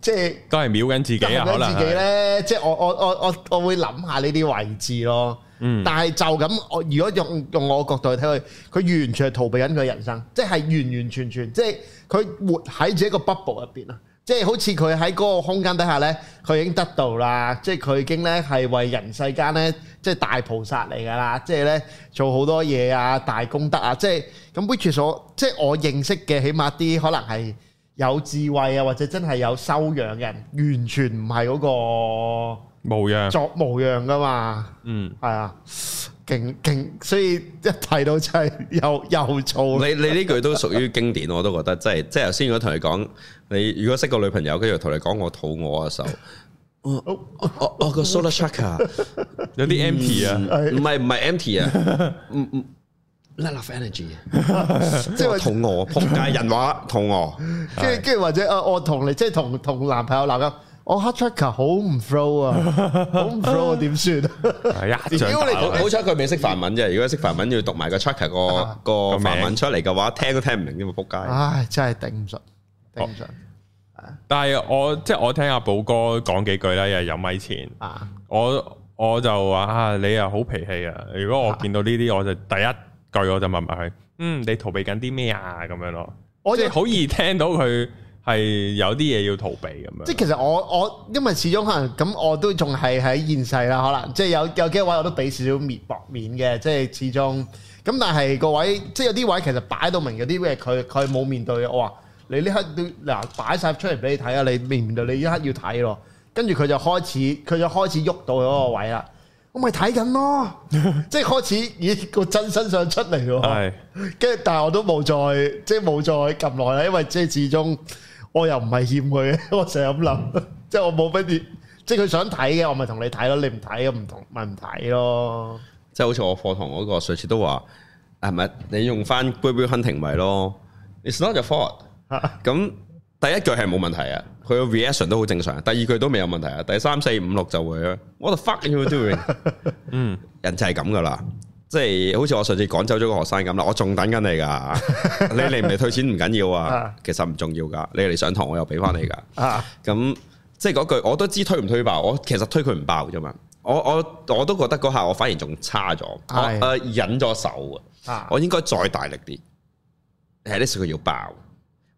即係都係秒緊自己啊！秒緊能自己咧，即係的我我我我我，我會諗下呢啲位置咯。嗯，但係就咁，我如果用用我角度去睇佢，佢完全係逃避緊佢人生，即係完完全全，即係佢活喺自己個 bubble 入邊咯，即係好似佢喺嗰個空間底下呢，佢已經得道啦，即係佢已經呢係為人世間呢、就是，即係大菩薩嚟噶啦，即係呢做好多嘢啊，大功德啊，即係咁，which 所即係我認識嘅，起碼啲可能係。有智慧啊，或者真係有修養嘅人，完全唔係嗰個模樣作模樣噶嘛。嗯，係啊，勁勁，所以一睇到真係又又做你。你你呢句都屬於經典，我都覺得即係、即係。即係頭先我同你講，你如果識個女朋友，跟住同你講我肚餓嘅時候，我哦哦哦個、哦、solar chakra 有啲 empty 啊，唔係唔係 empty 啊，嗯嗯。Enough energy，即係話肚餓，撲街人話肚餓，跟住跟住或者啊，我同你即係同同男朋友鬧交，我黑 chakra 好唔 flow 啊，好唔 flow 啊，點算？如果你好彩佢未識梵文啫，如果識梵文要讀埋個 chakra 個個梵文出嚟嘅話，聽都聽唔明，點會撲街？唉，真係頂唔順，頂唔順。但係我即係我聽阿寶哥講幾句咧，又係有米錢，我我就話啊，你又好脾氣啊！如果我見到呢啲，我就第一。對我就問埋佢，嗯，你逃避緊啲咩啊？咁樣咯，我哋就好易聽到佢係有啲嘢要逃避咁樣。即係其實我我因為始終可能咁，我，我都仲係喺現世啦，可能即係有有啲位我都俾少少面薄面嘅，即係始終咁。但係個位即係有啲位其實擺到明有啲咩？佢佢冇面對。我話你呢刻都嗱、啊、擺晒出嚟俾你睇啊！你面對你依刻要睇咯。跟住佢就開始佢就開始喐到嗰個位啦。嗯我咪睇緊咯，即 係開始咦個真身想出嚟咯，係，跟住但係我都冇再，即係冇再撳耐啦，因為即係始終我又唔係欠佢，我成日咁諗，嗯、 即係我冇乜事，即係佢想睇嘅，我咪同你睇咯，、那個、咯，你唔睇唔同咪唔睇咯，即係好似我課堂嗰個上次都話，係咪你用翻杯杯亨 d h u i 咪咯，it's not your fault，咁、啊。第一句係冇問題啊，佢個 reaction 都好正常。第二句都未有問題啊，第三四五六就會，我就 fuck you doing。 嗯，人就係咁噶啦，即係好似我上次趕走咗個學生咁啦，我仲等緊你噶、啊， 你嚟唔嚟退錢唔緊要緊啊，其實唔重要噶，你嚟上堂我又俾翻你噶。啊，咁、嗯 嗯、即係嗰句我都知推唔推爆，我其實推佢唔爆啫嘛。我我我都覺得嗰下我反而仲差咗，哎、呀我、呃、忍咗手啊，我應該再大力啲，係呢次佢要爆。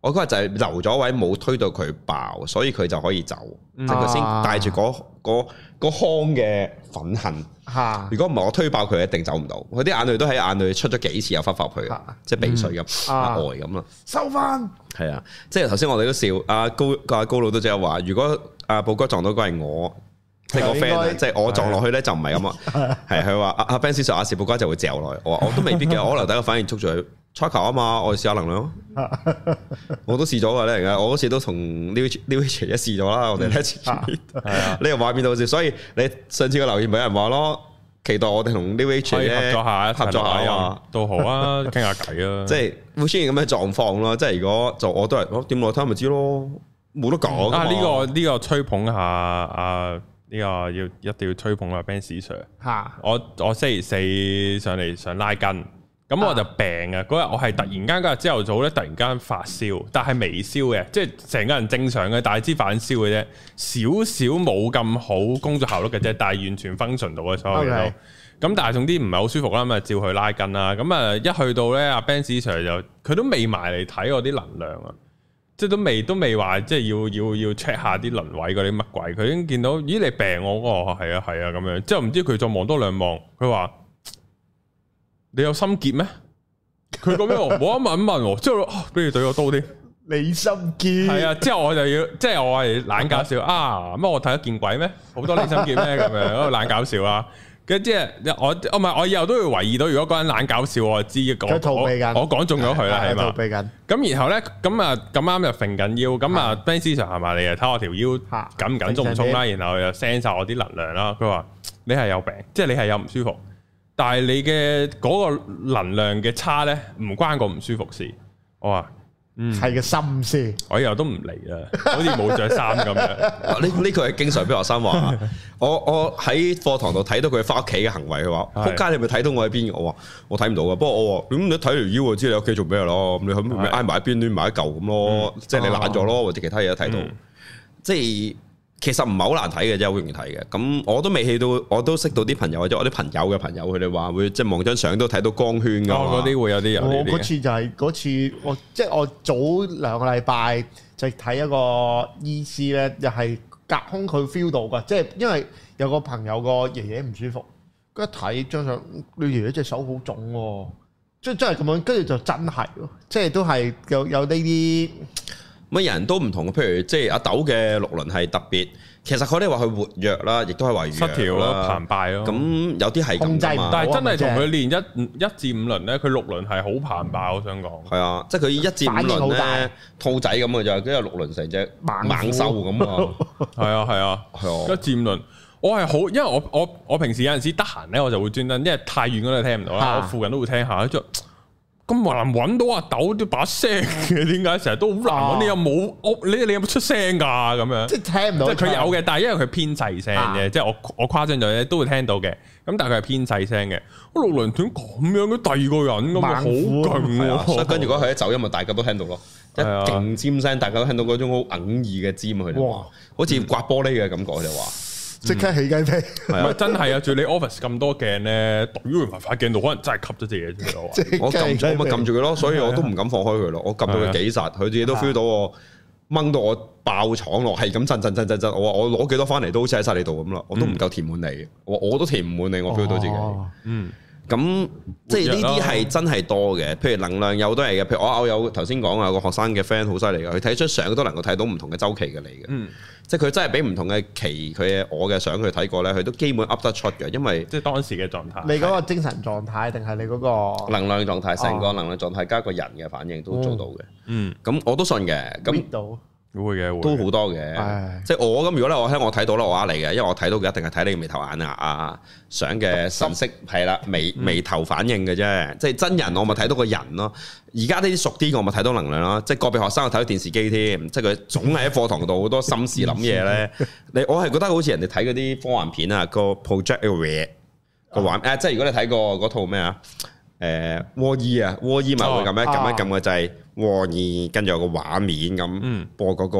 我嗰日就係留咗位，冇推到佢爆，所以佢就可以走，即係佢先帶住嗰、嗰個啊、腔嘅憤恨。嚇！如果唔係，我推爆佢一定走唔到。佢啲眼淚都喺眼淚出咗幾次又發發，又忽翻佢，即係鼻水咁、外咁啦。收翻、啊樣。係啊，即係頭先我哋都笑阿高阿高老都即係話：如果阿寶哥撞到個係我，即係個 friend，即係我撞落去咧就唔係咁啊。係佢話阿阿 Benz Sir 阿士寶哥就會嚼落去。我我都未必嘅，我留底個反應捉咗佢。 測球啊嘛，我哋試下能量， 我都試咗嘅咧，我嗰次都同 New New 一試咗啦，我哋呢次咧，啊啊、你又話邊度試？所以你上次個留言咪有人話咯，期待我哋同 New H 合作下，合作下啊嘛，都好啊，傾下偈啊，即係會出現咁嘅狀況咯。即係如果我就我都係，點我睇咪知咯，冇得講啊。呢個呢個吹捧下啊，呢、啊呢個要、呢個呢個一，啊呢個、一定要吹捧下 Benz Sir 嚇、啊，我我星期四上嚟想拉筋。咁我就病啊！嗰日我係突然間嗰日朝頭早咧，突然間發燒，但係微燒嘅，即係成個人正常嘅，但係知反燒嘅啫，少少冇咁好工作效率嘅啫，但係完全 function 到、嗯、啊，所有嘢都。咁但係仲啲唔係好舒服啦，咁啊照去拉筋啦。咁啊一去到咧，阿 Benz Sir 就佢都未埋嚟睇我啲能量啊，即係都未都未話即係要要要 check 下啲輪位嗰啲乜鬼，佢已經見到咦，你病我，係、哦、啊係啊咁樣。之後唔知佢再望多兩望，佢話。你有心結咩？佢咁樣，我冇得問一問，之後不如懟我多啲。你心結係啊，之後我就要，即係我係懶搞笑啊。乜我睇得見鬼咩？好多你心結咩咁樣懶搞笑啊。跟住即係我，我唔係我以後都會懷疑到，如果嗰人懶搞笑，我就知。佢逃避緊，我講中咗佢啦，係嘛？避緊。咁然後咧，咁啊咁啱又揈緊腰，咁啊 Benz Sir 係咪？你又睇我條腰緊唔緊，鬆唔鬆啦？然後又 send 晒我啲能量啦。佢話你係有病，即係你係有唔舒服。但係你嘅嗰個能量嘅差咧，唔關個唔舒服事。我話，係、嗯、個心思，我又都唔嚟啦，好似冇着衫咁樣。呢呢個係經常俾學生話。我我喺課堂度睇到佢翻屋企嘅行為，佢話，仆街你咪睇到我喺邊？我話我睇唔到噶。不過我話咁你睇條腰就知你屋企做咩咯。咁你喺咪挨埋一邊攣埋一嚿咁咯？的嗯、即係你懶咗咯，啊、或者其他嘢都睇到。嗯、即係。其實唔係好難睇嘅，啫。係好容易睇嘅。咁我都未去到，我都識到啲朋友，或者我啲朋友嘅朋友，佢哋話會即係望張相都睇到光圈㗎。嗰啲會有啲人，我嗰次就係、是、嗰次，就是、我即係、就是、我早兩個禮拜就睇一個醫師咧，又、就、係、是、隔空佢 feel 到㗎，即、就、係、是、因為有個朋友個爺爺唔舒服，一睇張相，你爺爺隻手好腫、啊，即係真係咁樣，跟住就真係，即係都係有有呢啲。乜人都唔同嘅，譬如即係阿豆嘅六輪係特別，其實佢哋話佢活躍啦，亦都係話失調啦、澎湃咯。咁有啲係控制唔得，但係真係同佢練一、啊、一至五輪咧，佢六輪係好澎湃。嗯、我想講係啊，即係佢一至五輪咧，兔仔咁嘅咋，跟住六輪成隻猛猛獸咁係啊，係啊，係、啊、 一至五輪，我係好，因為我我我，我平時有陣時得閒咧，我就會專登，因為太遠嗰度聽唔到啦，我附近都會聽下。 咁難揾到阿豆啲把聲嘅，點解成日都好難揾？你有冇屋？你你有冇出聲噶？咁樣即係聽唔到。即係佢有嘅，但係因為佢偏細聲嘅，即係我我誇張咗咧都會聽到嘅。咁但係佢係偏細聲嘅。我六輪斷咁樣嘅第二個人咁樣好勁喎。跟住如果佢一走音，咪大家都聽到咯，即係勁尖聲，大家都聽到嗰種好哽耳嘅尖佢。哇！好似刮玻璃嘅感覺佢哋話。即刻起雞皮，唔係真係啊！住你 office 咁多鏡咧，讀 U 型環塊鏡度，可能真係吸咗隻嘢出咗。我撳住咪撳住佢咯，所以我都唔敢放開佢咯。我撳到佢幾實，佢自己都 feel 到我掹到我爆廠落係咁震震震震震。我我攞幾多翻嚟都好似喺晒你度咁啦，我都唔夠填滿你，我我都填唔滿你，我 feel 到自己。嗯，咁即係呢啲係真係多嘅，譬如能量有多係嘅，譬如我有頭先講有個學生嘅 friend 好犀利噶，佢睇張相都能夠睇到唔同嘅周期嘅你嘅。嗯。即係佢真係俾唔同嘅期佢嘅我嘅相佢睇過咧，佢都基本噏得出嘅，因為即係當時嘅狀態。你嗰個精神狀態定係你嗰、嗰個、個能量狀態、成個、能量狀態加個人嘅反應都做到嘅、嗯。嗯，咁我都信嘅。咁。會嘅，都好多嘅，唉 即係我咁。如果咧，我喺我睇到咧，我話嚟嘅，因為我睇到嘅一定係睇你眉頭眼牙啊，相嘅神色係啦，眉眉頭反應嘅啫。即係真人我咪睇到個人咯。而家呢啲熟啲我咪睇到能量咯。即係個別學生我睇到電視機添，即係佢總係喺課堂度好多心思諗嘢咧。你 我係覺得好似人哋睇嗰啲科幻片啊，個 projector 個玩誒，哦、即係如果你睇過嗰套咩啊？誒，卧二啊，卧二咪會咁樣撳一撳嘅掣，卧二跟住有個畫面咁，播嗰個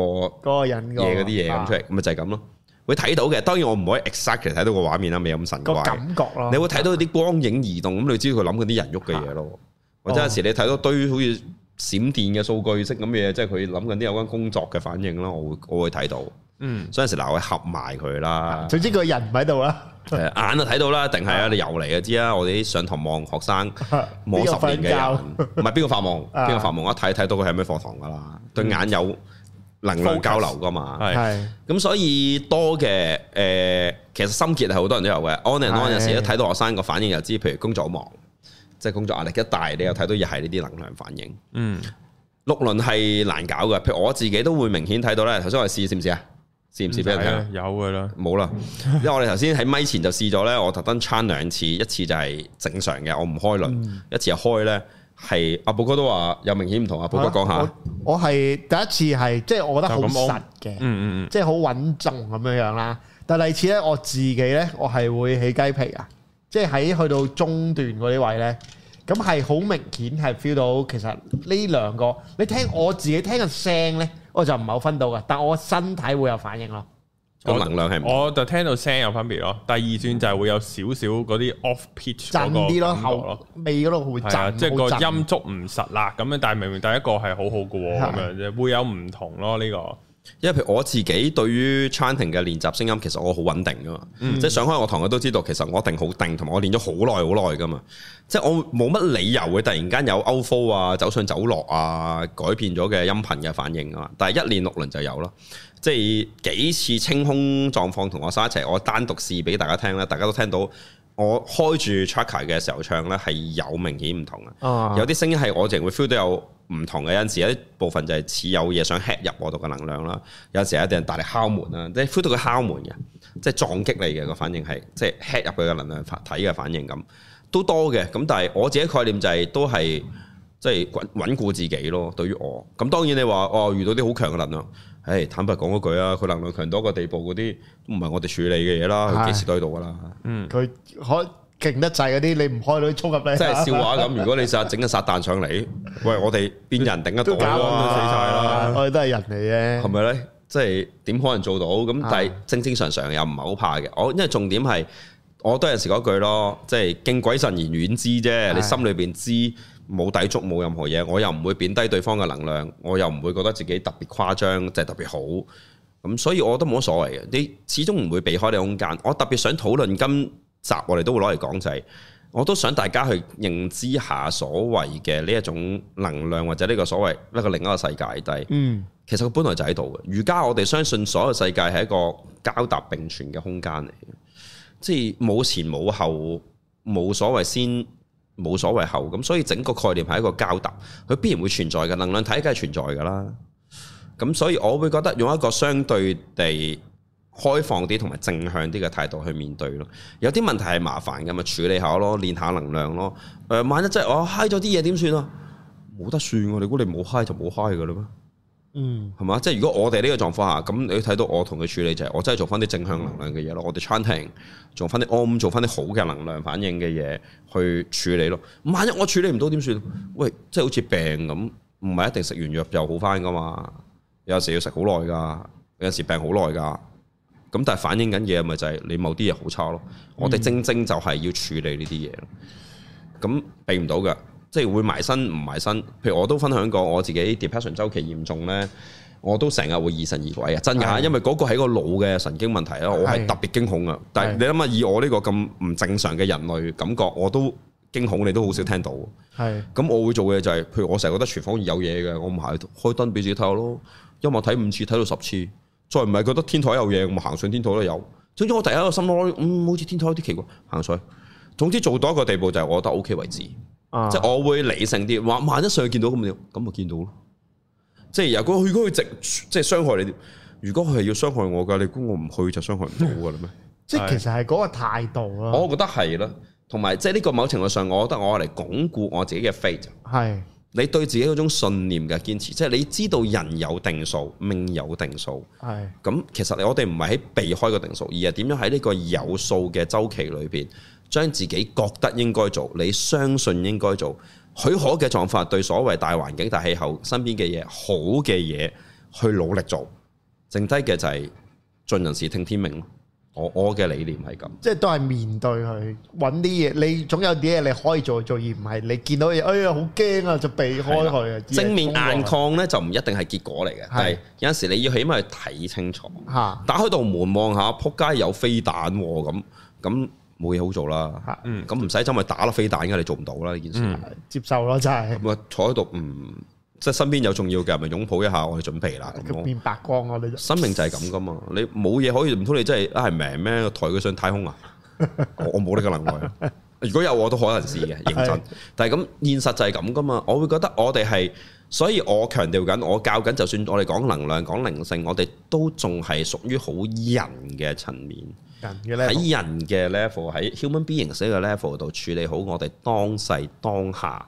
嗰個人嘅嘢嗰啲嘢咁出嚟，咪就係咁咯。會睇到嘅，當然我唔可以 exact 睇到個畫面啦，未有咁神怪。個感覺咯。你會睇到啲光影移動，咁你知佢諗緊啲人喐嘅嘢咯。或者有陣時你睇到堆好似閃電嘅數據式咁嘅嘢，即係佢諗緊啲有關工作嘅反應咯。我會我會睇到。嗯。所以有陣時嗱，我合埋佢啦。總之，佢人唔喺度啦。 眼就睇到啦，定係啊， 你游嚟就知啦。我哋啲上堂望學生，冇十年嘅人，唔係邊個發夢，邊個 發夢，一睇睇到佢係咩課堂噶啦，對眼有能量交流噶嘛，係、嗯，咁是所以多嘅誒，其實心結係好多人都有嘅是，on and on 有時一睇到學生個反應又、就、知、是，譬如工作忙，即、就、係、是、工作壓力一大，你又睇到又係呢啲能量反應。嗯，六輪係難搞嘅，譬如我自己都會明顯睇到咧，頭先我試，試唔試啊？試唔試俾人睇？有嘅啦了，冇啦，因為我哋頭先喺咪前就試咗咧，我特登撐兩次，一次就係正常嘅，我唔開輪，嗯、一次係開咧，係阿寶哥都話有明顯唔同，阿寶哥講下，嗯、我係第一次係即係我覺得好實嘅，嗯嗯即係好穩重咁樣樣啦。但係第二次咧我自己咧，我係會起雞皮啊，即係喺去到中段嗰啲位咧。咁係好明顯係 feel 到，其實呢兩個你聽我自己聽嘅聲呢，我就唔係好分到嘅，但我身體會有反應咯。個能量係我就聽到聲有分別咯。第二轉就係會有少少嗰啲 off pitch 震啲咯，咯，後尾嗰度會震，啊，即係個音足唔實啦。咁樣但係明明第一個係好好嘅喎，咁樣啫，會有唔同咯呢，呢個。因為譬如我自己對於 chanting 嘅練習聲音，其實我好穩定噶嘛，即係、嗯、上開我堂嘅都知道，其實我一定好定，同埋我練咗好耐好耐噶嘛，即係我冇乜理由會突然間有歐夫啊，走上走落啊，改變咗嘅音頻嘅反應啊嘛，但係一練六輪就有咯，即係幾次清空狀況同我生一齊，我單獨試俾大家聽啦，大家都聽到。我開住 Chakra 嘅時候唱咧，係有明顯唔同嘅、哦，有啲聲音係我淨會 feel 到有唔同嘅有陣時，一部分就係似有嘢想 hit 入我度嘅能量啦，有時有啲人大力敲門啦，即係 feel 到佢敲門嘅，即係撞擊你嘅個反應係即係 hit 入佢嘅能量體嘅反應咁，都多嘅，咁但係我自己概念就係、是、都係即係穩穩固自己咯。對於我咁當然你話哦遇到啲好強嘅能量。誒、哎，坦白講嗰句啊，佢能量強到一個地步，嗰啲唔係我哋處理嘅嘢啦，佢幾時到度噶啦？唉嗯，佢可勁得滯嗰啲，你唔開都衝擊你。即係笑話咁， 如果你實整個撒旦上嚟，喂，我哋邊人頂得到啊？都啦，啊啊啊，我哋都係人嚟啫。係咪咧？即係點可能做到？咁但係正正常常又唔係好怕嘅。我因為重點係，我都有時講句咯，即係敬鬼神遠遠而遠之啫。唉 你心裏邊知。冇抵觸冇任何嘢，我又唔會貶低對方嘅能量，我又唔會覺得自己特別誇張，即係特別好。咁所以我都冇乜所謂嘅，你始終唔會避開你空間，我特別想討論今集我哋都會攞嚟講，就係，我都想大家去認知下所謂嘅呢一種能量或者呢個所謂，呢個另一個世界。但係，嗯，其實佢本來就喺度嘅。而家我哋相信所有世界係一個交搭並存嘅空間嚟嘅，即係冇前冇後，冇所謂先。冇所謂厚，咁所以整個概念係一個交搭，佢必然會存在嘅，能量體梗係存在噶啦。咁所以我會覺得用一個相對地開放啲同埋正向啲嘅態度去面對咯。有啲問題係麻煩嘅，咪處理下咯，練下能量咯。誒、呃，萬一真係我嗨咗啲嘢點算啊？冇得算啊！你估你冇嗨就冇嗨噶啦咩？嗯，係嘛？即係如果我哋呢個狀況下，咁你睇到我同佢處理就係、是、我真係做翻啲正向能量嘅嘢咯。嗯、我哋餐 h 做翻啲，我唔做翻啲好嘅能量反應嘅嘢去處理咯。萬一我處理唔到點算？喂，即係好似病咁，唔係一定食完藥就好翻噶嘛。有時要食好耐㗎，有時病好耐㗎。咁但係反映緊嘢咪就係你某啲嘢好差咯。我哋正正就係要處理呢啲嘢，咁、嗯、避唔到㗎。即係會埋身唔埋身，譬如我都分享過，我自己 depression 周期嚴重咧，我都成日會疑神疑鬼啊，真噶是的 因為嗰個係個腦嘅神經問題啦，我係特別驚恐啊。是的 但係你諗下，以我呢個咁唔正常嘅人類感覺，我都驚恐，你都好少聽到。係咁，我會做嘅就係、是，譬如我成日覺得廚房有嘢嘅，我唔係開燈俾自己睇下咯，因為我睇五次，睇到十次，再唔係覺得天台有嘢，我行上天台都有。總之，我第一個心諗，嗯，好似天台有啲奇怪，行上去。總之做到一個地步，就係我覺得 OK 為止。啊、即係我會理性啲，萬萬一上去見到咁，咁咪見到咯。即係如果佢如果佢直即係傷害你，如果佢係要傷害我噶，你估我唔去就傷害唔到噶啦咩？即係其實係嗰個態度咯。是我覺得係啦，同埋即係呢個某程度上，我覺得我係嚟鞏固我自己嘅 faith。係你對自己嗰種信念嘅堅持，即係你知道人有定數，命有定數。係咁是，其實我哋唔係喺避開個定數，而係點樣喺呢個有數嘅周期裏邊。將自己覺得應該做，你相信應該做，許可嘅狀法對所謂大環境、大氣候身邊、身邊嘅嘢好嘅嘢去努力做，剩低嘅就係盡人事聽天命咯。我我嘅理念係咁，即係都係面對佢，揾啲嘢，你總有啲嘢你可以做做而，而唔係你見到嘢哎呀好驚啊就避開佢啊。的正面硬抗呢，就唔一定係結果嚟嘅，係的有陣時你要起碼去睇清楚，的打開道門望下，扑街有飛彈咁咁。冇嘢好做啦，嗯，咁唔使咁咪打粒飛彈嘅，你做唔到啦，呢件事接受咯，真係是。唔坐喺度，唔、嗯、即係身邊有重要嘅，咪、就、擁、是、抱一下，我哋準備啦。我變白光啊！你生命就係咁噶嘛，你冇嘢可以唔通你真係啊係命咩？抬佢上太空啊？ 我冇呢個能耐。如果有，我都可能試嘅，認真。 但係咁現實就係咁噶嘛，我會覺得我哋係，所以我強調緊，我教緊，就算我哋講能量、講靈性，我哋都仲係屬於好人嘅層面。喺人嘅 level，喺 human beings 嘅 level 度處理好我哋當世當下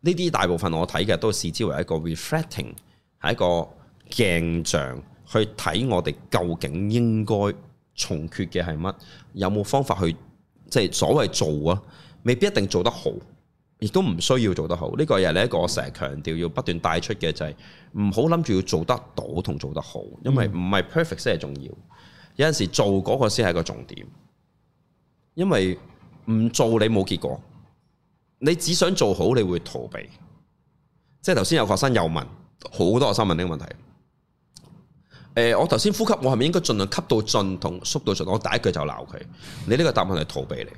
呢啲大部分我睇嘅都視之為一個 reflecting，係一個鏡像去睇我哋究竟應該重缺嘅係乜，有冇方法去即係、就是、所謂做啊？未必一定做得好，亦都唔需要做得好。呢個又係一個我成日強調要不斷帶出嘅、就是，就係唔好諗住要做得到同做得好，因為唔係 perfect 先係重要。有陣時做嗰個先係個重點，因為唔做你冇結果，你只想做好你會逃避。即係頭先有學生又問，好多學生問呢個問題。誒、呃，我頭先呼吸，我係咪應該盡量吸到盡同縮到盡？我第一句就鬧佢，你呢個答案係逃避嚟。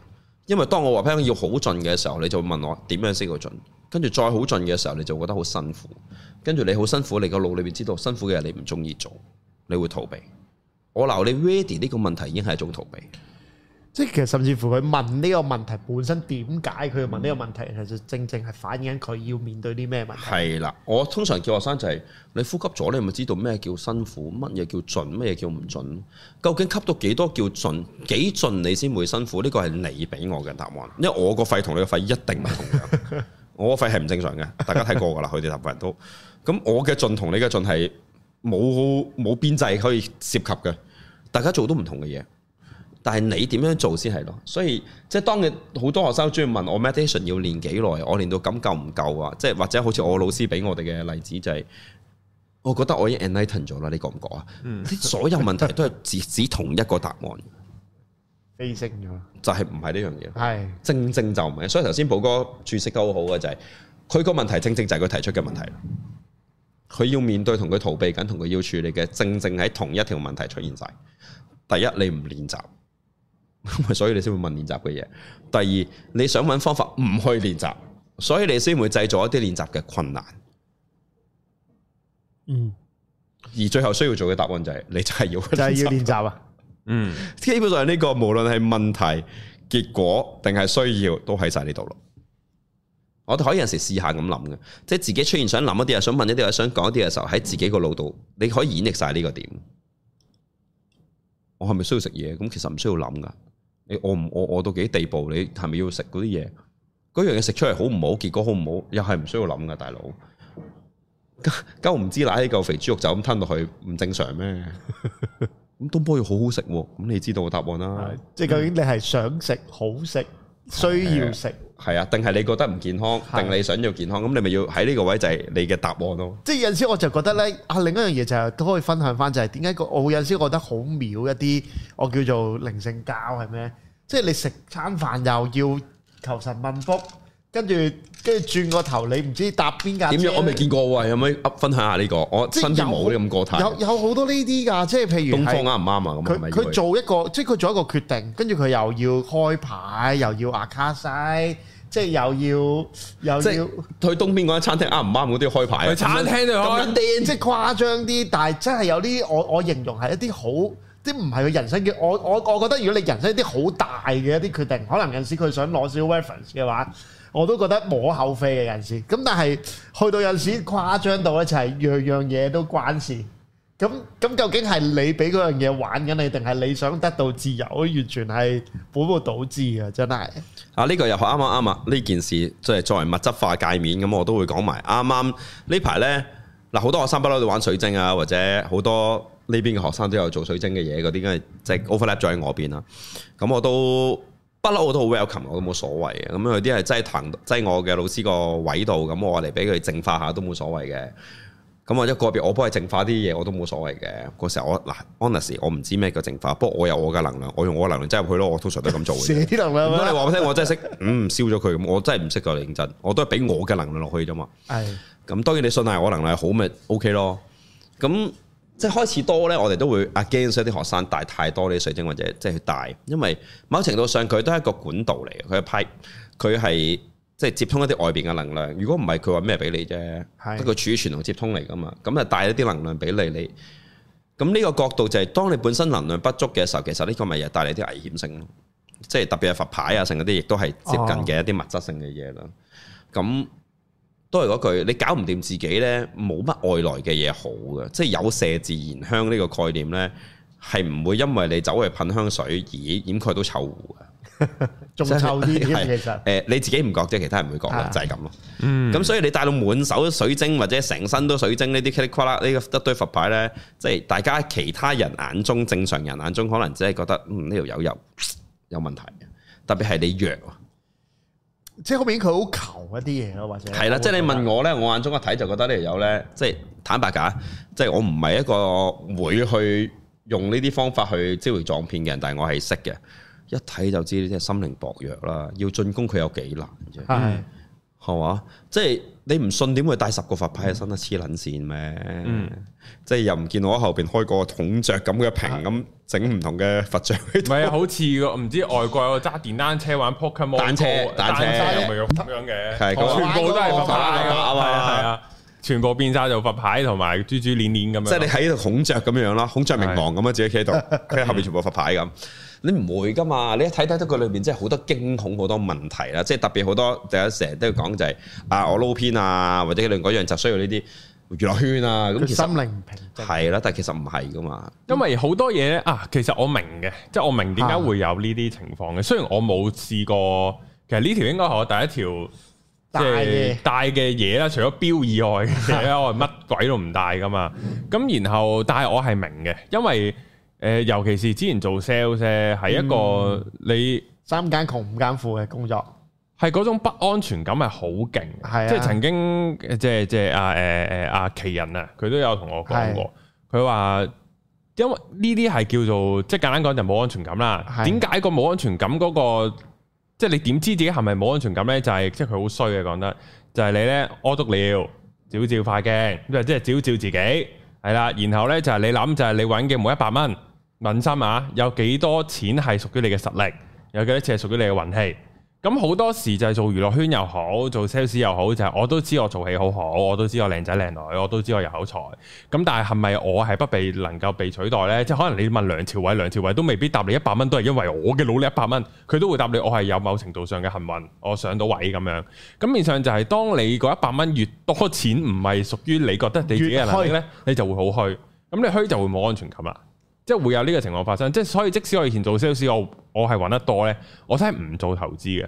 因為當我話俾你聽要好盡嘅時候，你就會問我點樣先叫盡？跟住再好盡嘅時候，你就會覺得好辛苦。跟住你好辛苦，你個腦裏面知道辛苦嘅嘢你唔中意做，你會逃避。我鬧你 ready 呢個問題已經係一種逃避，即係其實甚至乎佢問呢個問題本身點解佢要問呢個問題，其實正正係反映緊佢要面對啲咩問題。係啦，我通常叫學生就係你呼吸咗，你咪知道咩叫辛苦，乜嘢叫盡，乜嘢叫唔盡，究竟吸到幾多叫盡，幾盡你先會辛苦？呢個係你俾我嘅答案，因為我個肺同你個肺一定唔同嘅，我個肺係唔正常嘅，大家睇過噶啦，佢哋大部分都咁，我嘅盡同你嘅盡係。冇冇邊際可以涉及嘅，大家做都唔同嘅嘢，但係你點樣做先係咯？所以即係當日好多學生中意問我 meditation 要練幾耐，我練到咁夠唔夠啊？即係或者好似我老師俾我哋嘅例子就係、是，我覺得我已經 enlighten 咗啦，你覺唔覺啊？嗯、所有問題都係指同一個答案，飛升咗就係唔係呢樣嘢？係 正正就唔係，所以頭先寶哥注釋得好好嘅就係，佢個問題正正就係佢提出嘅問題。佢要面對同佢逃避緊，同佢要處理嘅，正正喺同一條問題出現晒。第一，你唔練習，所以你先會問練習嘅嘢。第二，你想揾方法唔去練習，所以你先會製造一啲練習嘅困難。嗯。而最後需要做嘅答案就係，你就係要練習，就係要練習啊。嗯，基本上呢個無論係問題、結果定係需要，都喺晒呢度咯。我哋可以有陣時試下咁諗嘅，即係自己出現想諗一啲嘢，想問一啲嘢，想講一啲嘅時候，喺自己個腦度，你可以演繹晒呢個點。我係咪需要食嘢？咁其實唔需要諗噶。你餓唔餓，我我餓到幾地步？你係咪要食嗰啲嘢？嗰樣嘢食出嚟好唔好？結果好唔好？又係唔需要諗噶，大佬。咁唔知舐嚿肥豬肉就咁吞落去，唔正常咩？咁東坡肉好好食，啊，咁你知道個答案啦，啊。 嗯、即係究竟你係想食、好食、需要食？ 係啊，定係你覺得唔健康，定你想要健康？咁是、啊、你咪要喺呢個位就係你嘅答案咯。即係有陣時我就覺得呢，啊，另一樣嘢就係、是、都可以分享翻，就是，就係點解個我有陣時覺得好妙一啲，我叫做靈性教係咩？即係你食餐飯又要求神問福。跟住跟住轉個頭，你唔知搭邊間？點樣？我未見過喎，有冇分享下呢個？我身邊冇啲咁個態有。有有好多呢啲㗎，即係譬如東方啱唔啱啊？咁佢做一個，即係佢做一個決定，跟住佢又要開牌，又要阿卡西，即係又要又要去東邊嗰間餐廳啱唔啱？嗰啲開牌去是餐廳就咁、是、即係誇張啲，但係真係有啲我我形容係一啲好，啲唔係佢人生嘅。我我我覺得如果你人生一啲好大嘅一啲決定，可能有陣時佢想攞少 reference 嘅話。我都覺得無可厚非嘅有陣時，咁但係去到有陣時誇張到咧，就係樣樣嘢都關事。咁咁究竟係你俾嗰樣嘢玩緊你，定係你想得到自由？完全係本末倒置啊！真係啊，呢個又啱啊啱啊！呢件事即係作為物質化界面，咁我都會講埋啱啱呢排呢，嗱，好多學生不嬲都玩水晶啊，或者好多呢邊嘅學生都有做水晶嘅嘢嗰啲嘅，即係 overlap 咗喺我邊啦。咁我都。不嬲我都好 welcome 我都冇所謂嘅。咁有啲係真係彈擠我嘅老師個位度，咁我嚟，俾佢淨化下都冇所謂嘅。咁或者個別我幫佢淨化啲嘢，我都冇所謂嘅。嗰時候我嗱，honest，我唔知咩叫淨化，不過我有我嘅能量，我用我嘅能量擠入去咯。我通常都咁做嘅。死能量。如果你話我聽 嗯，我真係識嗯燒咗佢咁，我真係唔識噶，認真。我都係俾我嘅能量落去啫嘛。咁當然你信賴我能力好咪 OK 咯。咁。即係開始多咧，我哋都會 against 一啲學生帶太多啲水晶或者即係帶，因為某程度上佢都係一個管道嚟嘅，佢係 pipe，佢係即係接通一啲外邊嘅能量。如果唔係，佢話咩俾你啫？係佢儲存同接通嚟噶嘛？咁啊帶一啲能量俾你，你咁呢個角度就係當你本身能量不足嘅時候，其實呢個咪又帶嚟啲危險性咯。即係特別係佛牌啊，成嗰啲亦都係接近嘅一啲物質性嘅嘢啦。咁、哦。都係嗰句，你搞唔掂自己咧，冇乜外來嘅嘢好嘅，即係有麝自然香呢個概念咧，係唔會因為你走去噴香水而掩蓋到臭狐嘅，仲臭啲其實。誒，你自己唔覺啫，其他人唔會覺得，就係咁咯。嗯，咁所以你戴到滿手水晶，或者成身都水晶呢啲嘰里呱啦呢個一堆佛牌咧，即係大家其他人眼中、正常人眼中，可能只係覺得嗯呢條友有問題，特別係你弱。即係好明佢好求一啲嘢咯，或者係啦。即係你問我咧，我眼中一睇就覺得呢條友咧，即係坦白講，即係我唔係一個會去用呢啲方法去招搖撞騙嘅人，但係我係識嘅。一睇就知呢啲心靈薄弱啦，要進攻佢有幾難啫。係。係嘛？即係你唔信點會帶十個佛牌喺身得黐撚線咩？即係又唔見我後邊開個孔雀咁嘅屏咁整唔同嘅佛像。唔係啊，好似個唔知外國有個揸電單車玩 Pokemon 單車，車咁樣嘅，係全部都係佛牌啊嘛，係啊，全部變晒做佛牌同埋珠珠鏈鏈咁樣。即係你喺度孔雀咁樣啦，孔雀明王咁樣自己企喺度，跟住後邊全部佛牌咁。你唔會㗎嘛？你一睇睇得佢裏面真係好多驚恐，好多問題啦！即係特別好多，大家成日都要講就係、是嗯、啊，我撈片啊，或者你另外嗰樣就需要呢啲娛樂圈啊咁。其實心靈唔平靜係啦，但係其實唔係㗎嘛，因為好多嘢啊，其實我明嘅，即係我明點解會有呢啲情況嘅。啊、雖然我冇試過，其實呢條應該係我第一條帶帶嘅嘢啦，除咗錶以外嘅嘢，啊、我乜鬼都唔帶㗎嘛。咁 然後，但係我係明嘅，因為。誒、呃，尤其是之前做 sales 咧，係一個、嗯、你三間窮五間富嘅工作，係嗰種不安全感係好勁，啊、即係曾經，即係即係阿誒誒阿奇人啊，佢都有同我講過，佢話是因為呢啲係叫做即係簡單講就冇安全感啦。點解是個冇安全感嗰、那個，即係你點知自己係咪冇安全感呢？就係、是、即係佢好衰嘅講得，就係你呢屙篤尿，照照塊鏡，即係照照自己。係啦，然後咧就係、是、你諗就係你搵嘅每一百蚊，問心啊，有幾多錢係屬於你嘅實力，有幾多錢係屬於你嘅運氣。咁好多時就係做娛樂圈又好，做 sales 又好，就係我都知我做戲好好，我都知我靚仔靚女，我都知我有口才。咁但係係咪我係不被能夠被取代呢？即係可能你問梁朝偉，梁朝偉都未必答你一百蚊都係因為我嘅努力一百蚊，佢都會答你我係有某程度上嘅幸運，我上到位咁樣。咁面上就係當你嗰一百蚊越多錢，唔係屬於你，你覺得你自己嘅能力呢，你就會好虛。咁你虛就會冇安全感啊。即係會有呢個情況發生，即係所以即使我以前做 sales，我我係揾得多咧，我都係唔做投資嘅，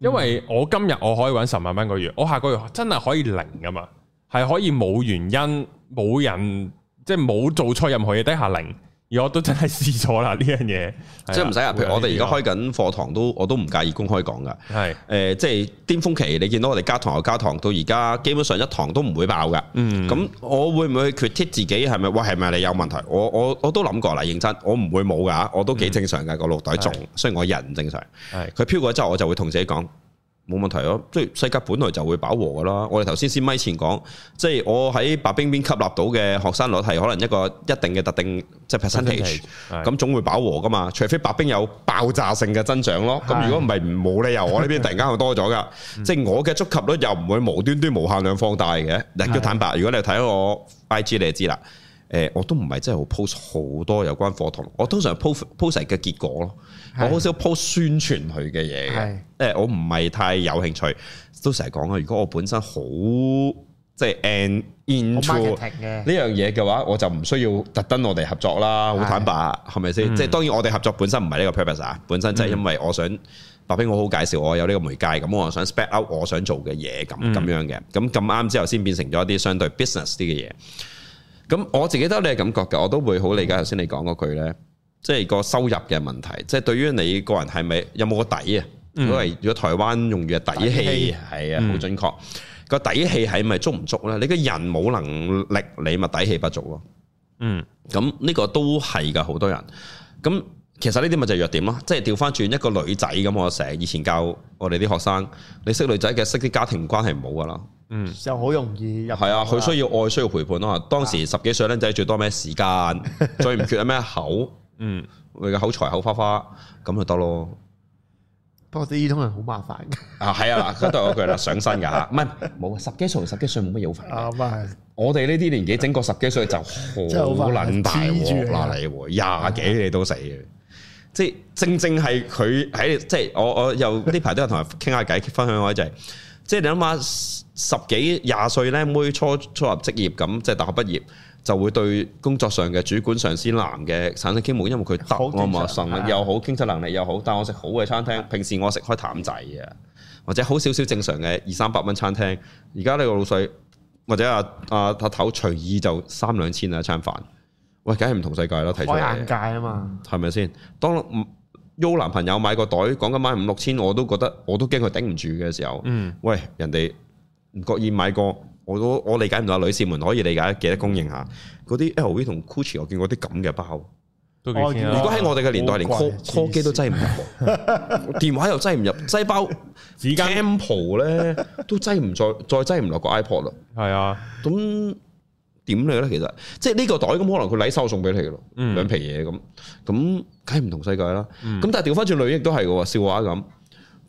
因為我今日我可以揾十萬蚊個月，我下個月真係可以零㗎嘛，係可以冇原因，冇人，即係冇做錯任何嘢底下零。我都真係試咗啦呢樣嘢，即係唔使啊！譬如我哋而家開緊課堂都，我都唔介意公開講噶。係是，誒、呃，即係巔峰期，你見到我哋加堂又加堂，到而家基本上一堂都唔會爆噶。嗯，咁我會唔會決剔自己係咪？哇，係咪你有問題？我我我都諗過啦，認真，我唔會冇噶，我都幾正常噶個、嗯、腦袋仲，是雖然我人唔正常。係是，佢飄過之後，我就會同自己講。冇問題咯，即係世界本來就會飽和噶啦。我哋頭先先咪前講，即係我喺白兵邊吸納到嘅學生率係可能一個一定嘅特定即係 percentage，咁總會飽和噶嘛。除非白兵有爆炸性嘅增長咯，咁是的 如果唔係冇理由我呢邊突然間又多咗噶。 即係我嘅觸及率又唔會無端端無限量放大嘅。你都是的 坦白，如果你睇我 IG，你就知啦。誒，我都唔係真係好 post 好多有關課堂，我通常 post post 嘅結果咯，我好少 post 宣傳佢嘅嘢嘅。誒，是的 我唔係太有興趣，都成日講啊。如果我本身好即係 into marketing 嘅呢樣嘢嘅話，我就唔需要特登我哋合作啦。好坦白係咪先？即係當然我哋合作本身唔係呢個 purpose 啊，本身即係因為我想、嗯、白兵我好介紹我有呢個媒介，咁我話想 spot out 我想做嘅嘢咁咁樣嘅，咁咁啱之後先變成咗一啲相對 business 啲嘅嘢。咁我自己都有呢個感覺嘅，我都會好理解頭先你講嗰句咧，即係個收入嘅問題，即係對於你個人係咪有冇個底啊？因為，嗯，如果台灣用語底氣，係啊，好準確個，嗯，底氣係咪足唔足咧？你個人冇能力，你咪底氣不足咯。嗯，咁呢個都係噶，好多人。咁其實呢啲咪就係弱點咯。即係調翻轉一個女仔咁，我成日以前教我哋啲學生，你識女仔嘅，識啲家庭關係唔好噶啦。嗯，就好容易入係啊！佢需要愛，需要陪伴咯。當時十幾歲僆仔最多咩時間？最唔缺係咩口？嗯，你嘅口才口花花咁就得咯。不過啲通種係好麻煩嘅。啊，係啊，嗱，都係嗰句啦，上身噶吓，唔係冇啊！十幾歲十幾歲冇乜嘢好煩嘅。我哋呢啲年紀整個十幾歲就好難大鑊啦，你廿幾你都死嘅。即係正正係佢喺，即係我我又呢排都有同人傾下偈，分享開就係，即係你諗下。十幾廿歲靚妹初初入職業咁，即係大學畢業就會對工作上嘅主管上司男嘅產生傾慕，因為佢得啊嘛，能力又好，經濟能力又好。但我食好嘅餐廳，是的 平時我食開淡仔嘅，或者好少少正常嘅二三百蚊餐廳。而家呢個老細或者阿阿阿頭隨意就三兩千啊一餐飯，喂，梗係唔同世界咯，睇出開眼界啊嘛，係咪先？當我邀男朋友買個袋，講緊買五六千，我都覺得我都驚佢頂唔住嘅時候，喂，人哋。唔覺意買過，我我我理解唔到。女士們可以理解，記得供應下嗰啲 LV 同 Cucci，我見過啲咁嘅包。哦，來如果喺我哋嘅年代，啊、連 call call 機都擠唔入，電話又擠唔入，擠包。Apple 咧都擠唔再，再擠唔落個 ipod 咯。係啊，咁點嚟咧？其實即係呢個袋咁，可能佢禮收送俾你嘅咯。嗯，兩皮嘢咁，咁梗係唔同世界啦。咁、嗯、但係調翻轉女亦都係嘅喎，笑話咁。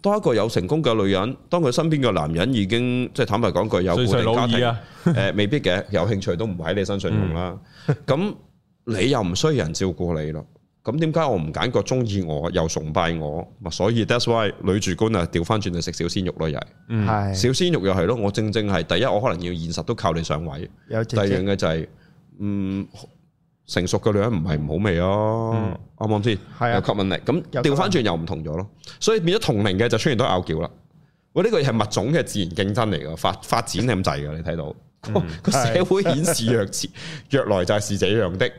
多一個有成功嘅女人，當佢身邊嘅男人已經即係坦白講句有固定家庭，誒未必嘅，有興趣都唔喺你身上用啦。咁你又唔需要人照顧你咯。咁點解我唔揀個中意我又崇拜我？咁所以 that's why 女主管啊，調翻轉去食小鮮肉咯，又係小鮮肉又係咯。我正正係第一，我可能要現實都靠你上位。第二樣嘅就係嗯。成熟嘅女人唔係唔好味咯，啱唔啱先？有吸引力，咁調翻轉又唔同咗咯。所以變咗同齡嘅就出現到拗撬啦。喂，呢個係物種嘅自然競爭嚟噶，發發展係咁滯噶。你睇到個社會顯示弱智，弱來就係是這樣的。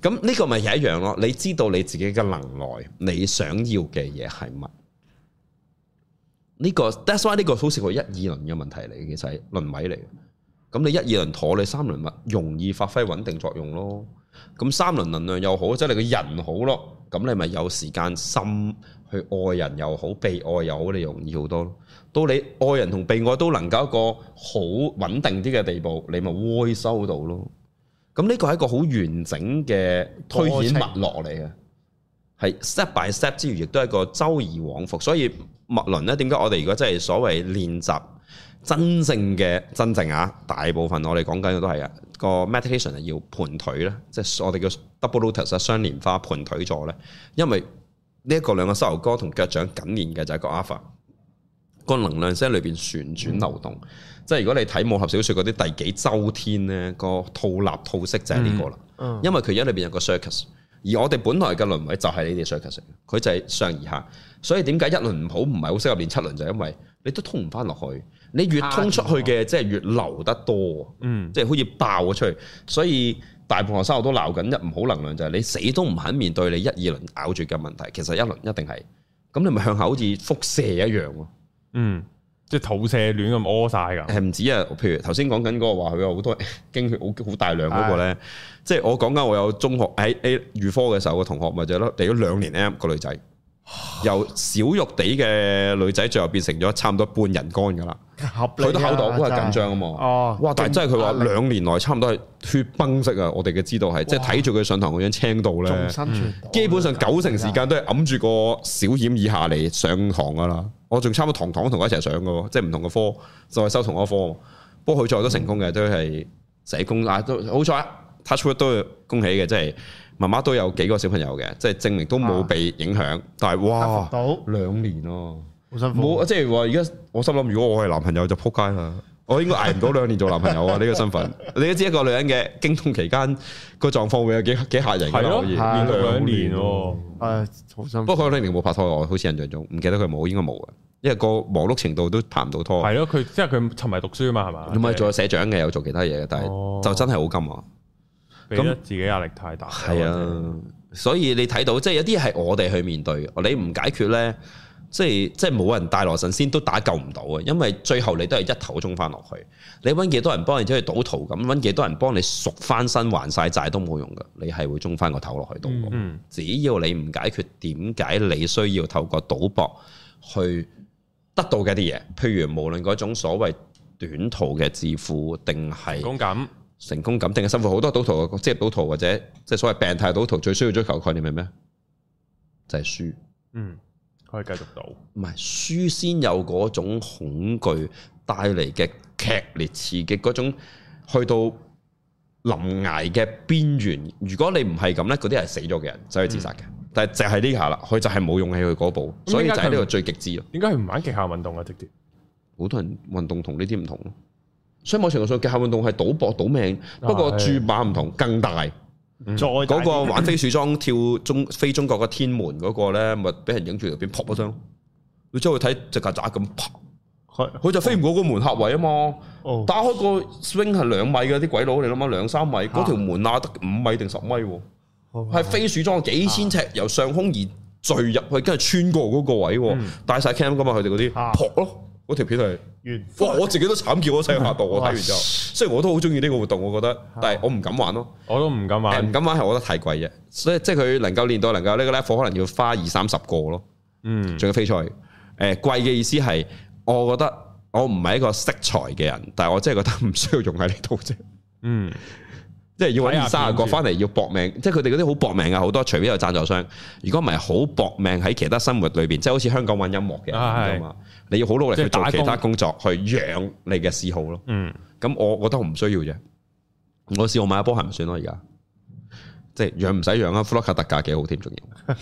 咁呢個咪係一樣咯？你知道你自己嘅能耐，你想要嘅嘢係乜？呢個 That's why 呢個好似個一二輪嘅問題嚟嘅。其實係輪位嚟嘅。咁你一二輪妥，你三輪物容易發揮穩定作用咯。咁三輪能量又好，即係你個人好咯，咁你咪有時間心去愛人又好，被愛又好，你容易好多。到你愛人同被愛都能夠一個好穩定啲嘅地步，你咪會收到咯。咁呢個係一個好完整嘅推演脈絡嚟嘅，係程 step by step 之餘，亦都係一個周而往復。所以脈輪咧，點解我哋如果真係所謂練習？真正嘅真正啊，大部分我哋講緊嘅都係啊，個 meditation 係要盤腿咧，即係我哋叫 double lotus 啊，雙蓮花盤腿坐咧，因為呢一個兩個膝頭哥同腳掌緊連嘅就係個 offer 個能量聲裏邊旋轉流動。嗯、即係如果你睇武俠小説嗰啲第幾周天咧，嗰個套立套式就係呢、呢個啦。嗯、因為佢而家裏邊有個 circus，而我哋本來嘅輪位就係呢啲 circus，佢就係上而下。所以點解一輪唔好唔係好適合練七輪？就係、因為你都通唔翻落去。你越通出去嘅，即係越流得多，嗯，即係好似爆咗出去。所以大部分學生我都鬧緊一唔好能量，就係你死都唔肯面對你一二輪咬住嘅問題。其實一輪一定係，咁你咪向下好似輻射一樣喎。嗯，即係肚瀉亂咁屙晒㗎。係唔、嗯、止啊，譬如頭先講緊嗰個話佢有好多經血好好大量嗰、嗰個咧，的即係我講緊我有中學喺喺預科嘅時候嘅同學，咪就係咯嚟咗兩年 M、嗰個女仔。嗰個女由小肉地嘅女仔，最後變成咗差唔多半人乾噶啦。佢都口度都係緊張啊嘛。哦，哇！但係真係佢話兩年內差唔多係血崩式啊。我哋嘅知道係即係睇住佢上堂嗰張青度咧，重新住。基本上九成時間都係揞住個小險以下嚟上堂噶啦。我仲差唔多堂堂同佢一齊上噶，即係唔同嘅科就係修同一科。不過佢最後都成功嘅，都係成功。啊，都好彩，突出都恭喜嘅，即係。媽媽都有幾個小朋友嘅，即係證明都冇被影響。但係哇，到兩年咯，好辛苦。即係話，而家我心諗，如果我係男朋友就撲街啦。我應該捱唔到兩年做男朋友啊！呢個身份，你都知一個女人嘅經痛期間個狀況會有幾幾嚇人嘅。兩年喎，唉，好辛苦。不過佢哋冇拍拖我好似印象中唔記得佢冇，應該冇啊。因為個忙碌程度都談唔到拖。係咯，佢即係佢沉迷讀書嘛，係嘛？唔係做社長嘅，有做其他嘢嘅，但係就真係好金啊。俾自己壓力太大，係、嗯、啊，嗯、所以你睇到即係有啲係我哋去面對，你唔解決呢，即係即係冇人大羅神仙都打救唔到嘅，因為最後你都係一頭沖翻落去，你搵幾多人幫，而且賭徒咁搵幾多人幫你贖翻身還晒債都冇用噶，你係會沖翻個頭落去度，嗯，只要你唔解決，點解你需要透過賭博去得到嘅啲嘢，譬如無論嗰種所謂短途嘅致富，定係成功感定係辛苦，好多賭徒，即係賭徒或者即係所謂病態賭徒，最需要追求概念係咩？就係、是、輸。嗯，可以繼續賭。唔係輸先有嗰種恐懼帶嚟嘅劇烈刺激，嗰種去到臨崖嘅邊緣。如果你唔係咁咧，嗰啲係死咗嘅人，走、嗯、去自殺嘅。但係淨係呢下啦，佢就係冇勇氣去嗰步，所以就係呢個最極致咯。點解佢唔玩極限運動啊？直接好多人運動同呢啲唔同所以某程度上極限運動係賭博賭命，啊、不過注碼唔同更大。再嗰、嗯、個玩飛鼠裝跳中飛中國嘅天門嗰、那個咧，咪俾人影住條片撲嗰聲，你之後去睇隻曱甴咁撲，係佢就飛唔過嗰個門閤位啊嘛。打開個 swing 係兩米嘅，啲鬼佬你諗下兩三米，嗰條門啊得五米定十米，係飛鼠裝幾千尺由上空而墜入去，跟住穿過嗰個位，帶晒 cam 噶嘛佢哋嗰啲撲咯。嗰條片係，我完我自己都慘叫，我睇完發布，我睇完之後， 雖然我都好中意呢個活動，我覺得，但係我唔敢玩咯，我都唔敢玩，唔敢玩係、嗯、我覺得太貴嘅，所以即係佢能夠練到能夠呢個 level，可能要花二三十個咯，嗯，仲要飛出去，誒、嗯，貴嘅意思係，我覺得我唔係一個識財嘅人，但係我真係覺得唔需要用喺呢度啫，嗯。即係要搵三十個翻嚟要搏命，即係佢哋嗰啲好搏命噶，好多，除非有贊助商，如果唔係好搏命喺其他生活裏邊，即係好似香港玩音樂嘅，係嘛、嗯？你要好努力去打其他工作去養你嘅嗜好咯。嗯，咁我我覺得唔需要啫，我試我買一波係咪算咯，而家即係養唔使養啊，Flock 特價幾好添，仲要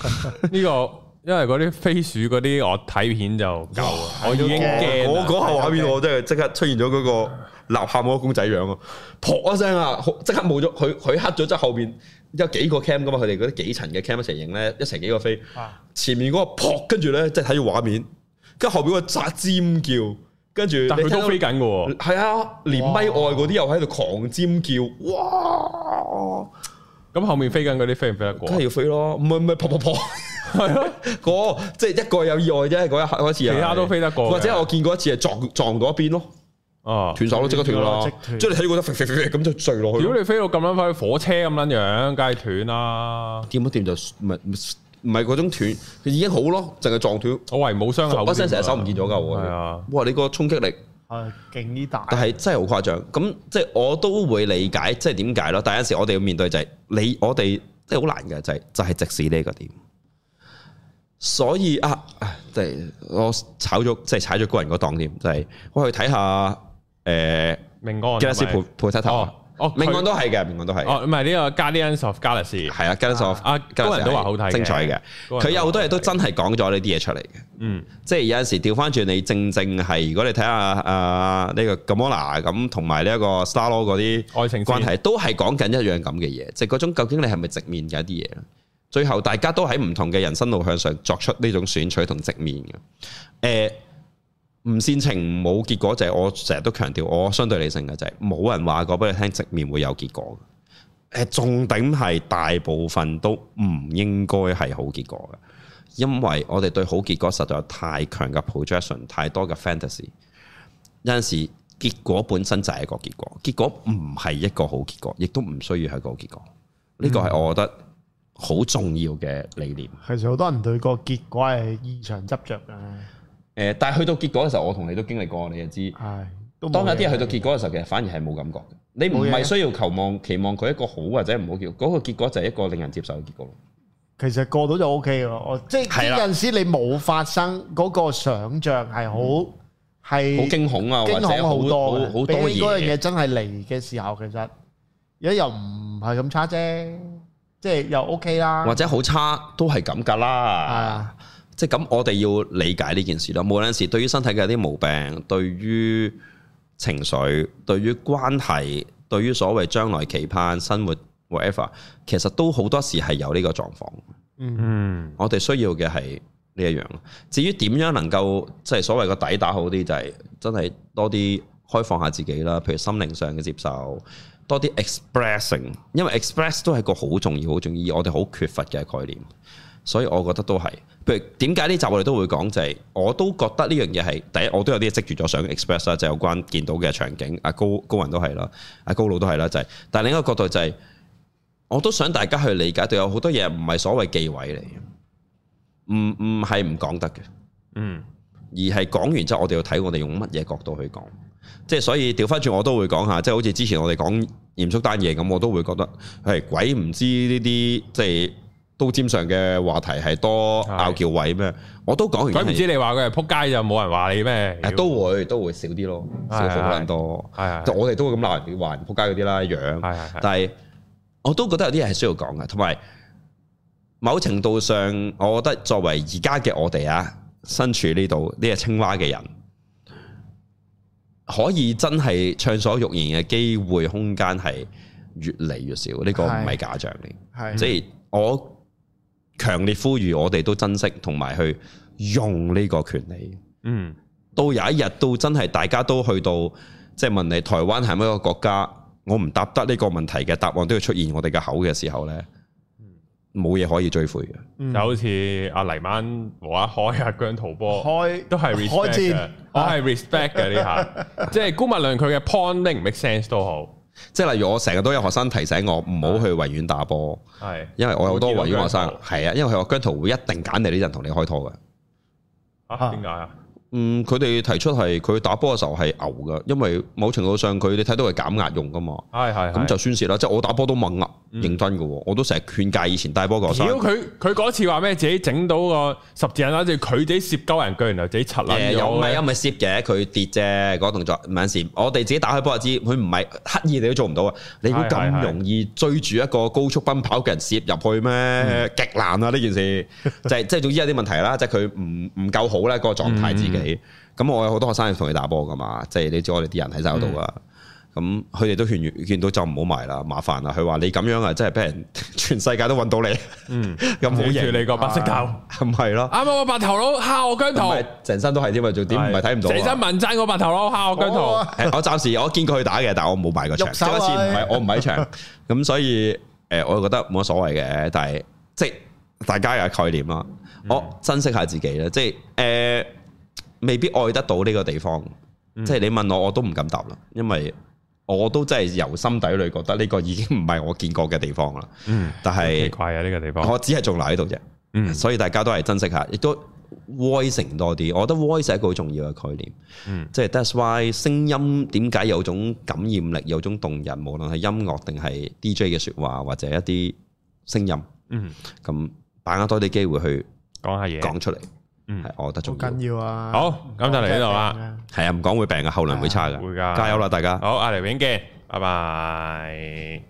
呢個。 因為嗰啲飛鼠嗰啲我睇片就夠，嗯啊、我已經驚、哦那個、我嗰下畫面我真係即刻出現咗嗰個立下摩公仔樣啊！撲一聲啊，即刻冇咗佢，佢黑咗即後邊有幾個 cam 噶嘛，佢哋嗰啲幾層嘅 cam 一齊影咧，一成幾個飛，啊、前面嗰個撲，跟住咧即睇住畫面，跟後邊個扎尖叫，跟住但佢都飛緊嘅，係啊，連米外嗰啲又喺度狂尖叫，哇！咁哇後面飛緊嗰啲飛唔飛得過？梗係要飛咯，唔係唔係撲撲撲。 係咯，即係一個有意外啫，嗰一刻嗰一次，其他都飛得過。或者我見過一次係撞撞到一邊咯，啊斷手都即刻斷咗咯。之後你睇嗰得飛飛飛咁就墜落去。如果你飛到咁樣，好似火車咁樣樣，梗係斷啦。掂一掂就唔係唔係嗰種斷，佢已經好咯，淨係撞斷不。我唯冇傷口，本身成日手唔見咗噶。係啊，哇！你個衝擊力啊，勁啲大。但係真係好誇張。咁即係我都會理解，即係點解咯。但係有時我哋要面對就係、是、你，我哋即係好難噶、就是，就係就係直視呢個點。所以啊，我炒咗即係踩咗高人個檔添。就係我去睇下誒，明光 Galaxy 哦，明光都係嘅，明光都係，哦，唔係呢個 Guardians of Galaxies 係啊 Guardians o 阿高人都話好睇精彩嘅，佢有好多嘢都真係講咗呢啲嘢出嚟嘅，嗯，即係有陣時調翻轉你正正係，如果你睇下啊呢個 Gamora 咁，同埋呢一個 Starlord 嗰啲愛情關係，都係講緊一樣咁嘅嘢，即係嗰種究竟你係咪直面嘅一啲嘢最後大家都喺唔同嘅人生路向上作出呢種選取同直面嘅，誒、呃，唔煽情冇結果就係我成日都強調，我相對理性嘅就係冇人話過俾你聽直面會有結果嘅、呃，重點係大部分都唔應該係好結果嘅，因為我哋對好結果實在有太強嘅 projection，太多嘅 fantasy，有陣時結果本身就係一個結果，結果唔係一個好結果，亦都唔需要係個好結果，呢個係我覺得。嗯好重要嘅理念。其實好多人對個結果係異常執着嘅。誒、呃，但係去到結果嘅時候，我同你都經歷過，你就知。係。當有啲人去到結果嘅時候，其實的反而係冇感覺。你唔係需要求望期望佢一個好或者唔好叫嗰、嗰個結果，就係一個令人接受嘅結果。其實過到就 O K 咯。的即係有陣時你冇發生嗰個想像係好係。好驚恐啊！驚恐好多，好多嘢。嗰樣嘢真係嚟嘅時候，其實而家又唔係咁差啫。即係又 OK 啦，或者好差都係咁噶啦。啊的，即係咁，我哋要理解呢件事啦。無論時對於身體嘅啲毛病，對於情緒，對於關係，對於所謂將來期盼、生活 whatever，其實都好多時係有呢個狀況。嗯，我哋需要嘅係呢一樣。至於點樣能夠即係所謂個底打好啲，就係、是、真係多啲開放下自己啦。譬如心靈上嘅接受。多啲 expressing，因為 express 都係個好重要、好重要，我哋好缺乏嘅概念，所以我覺得都係。譬如點解呢集我哋都會講、就係，就係我都覺得呢樣嘢係第一，我都有啲嘢積住咗想 express 啦，就有關見到嘅場景。阿高高人都係啦，阿高佬都係啦，就係、係。但係另一個角度就係、係，我都想大家去理解到有好多嘢唔係所謂忌諱嚟嘅，唔唔係唔講得嘅，嗯，而係講完之後，我哋要睇我哋用乜嘢角度去講。即係所以掉返轉我都會講下，即係好似之前我哋講嚴肅單嘢咁，我都會覺得係鬼唔知呢啲即係刀尖上嘅話題係多拗撬位咩？我都講完。鬼唔知你話佢係撲街就冇人話你咩？都會都會少啲咯，少可能多。係，就我哋都會咁鬧人，話人撲街嗰啲啦樣。的但係我都覺得有啲嘢係需要講嘅，同埋某程度上，我覺得作為而家嘅我哋啊，身處呢度呢隻青蛙嘅人。可以真係暢所欲言嘅機會空間係越嚟越少，呢是個唔係假象嚟，是即係我強烈呼籲我哋都珍惜同埋去用呢個權利。嗯，到有一日到真係大家都去到即係、就是、問你台灣係乜嘢國家，我唔答得呢個問題嘅答案都要出現我哋嘅口嘅時候呢，冇嘢可以追悔嘅。嗯、就好似阿黎曼和阿海、啊姜濤波，都開都係 respect 啊、我係 respect 嘅呢下， 即係姑勿論佢嘅 point make 唔 make sense 都好，即係例如我成日都有學生提醒我唔好去維園打波，係是因為我有好多維園學生，係啊，因為佢話姜濤會一定揀你啲人同你開拖嘅，點解啊？嗯，佢哋提出係佢打波嘅時候係牛㗎，因為某程度上佢哋睇到係減壓用噶嘛。係係咁就宣洩啦，係係係即係我打波都猛壓、嗯、認真嘅喎，我都成日勸戒以前帶波球。如果佢佢嗰次話咩？自己整到個十字眼啦，即佢自己攝鳩人居然後自己插卵又唔係因唔係攝嘅，佢跌啫嗰、嗰個、動作。有陣時我哋自己打開波就知，佢唔係刻意你都做唔到啊！你會咁容易追住一個高速奔跑嘅人攝入去咩？嗯、極難啊！呢件事、嗯、 就係即係總之有啲問題啦，即係佢唔唔夠好咧，個狀態自己。嗯咁我有好多學生係同佢打波噶嘛，即係你知我哋啲人喺晒度啊。咁佢哋都勸勸到就唔好埋啦，麻煩啦。佢話你咁樣啊，真係俾人全世界都揾到你，咁好嘢。你個白色頭，唔係咯？啱啱我白頭佬蝦我姜濤，成身都係添，啊？做點唔係睇唔到？真真真我白頭佬蝦我姜濤。我暫時我見過佢打嘅，但係我冇賣個場，呢一次唔係我唔喺場。咁所以誒，我覺得冇乜所謂嘅，但係即係大家嘅概念啦。我珍惜下自己啦，即係誒。未必愛得到呢個地方，嗯、即係你問我我都唔敢答啦，因為我都真係由心底裏覺得呢個已經唔係我見過嘅地方啦。嗯，但係奇怪啊，呢個地方我只係仲留喺度啫。嗯，所以大家都係珍惜下，亦都 voice 成多啲。我覺得 voice 係一個好重要嘅概念。嗯，即係 that's why 聲音點解有種感染力，有種動人，無論係音樂定係 DJ 嘅説話，或者一啲聲音。嗯，咁把握多啲機會去講下嘢，講出嚟。嗯，係，我覺得仲緊要啊。好，噉就嚟呢度啦，係啊，唔講、啊啊、會病嘅，後嚟會差嘅，啊、會噶的，加油啦，大家。好，阿黎永健，拜拜。拜拜。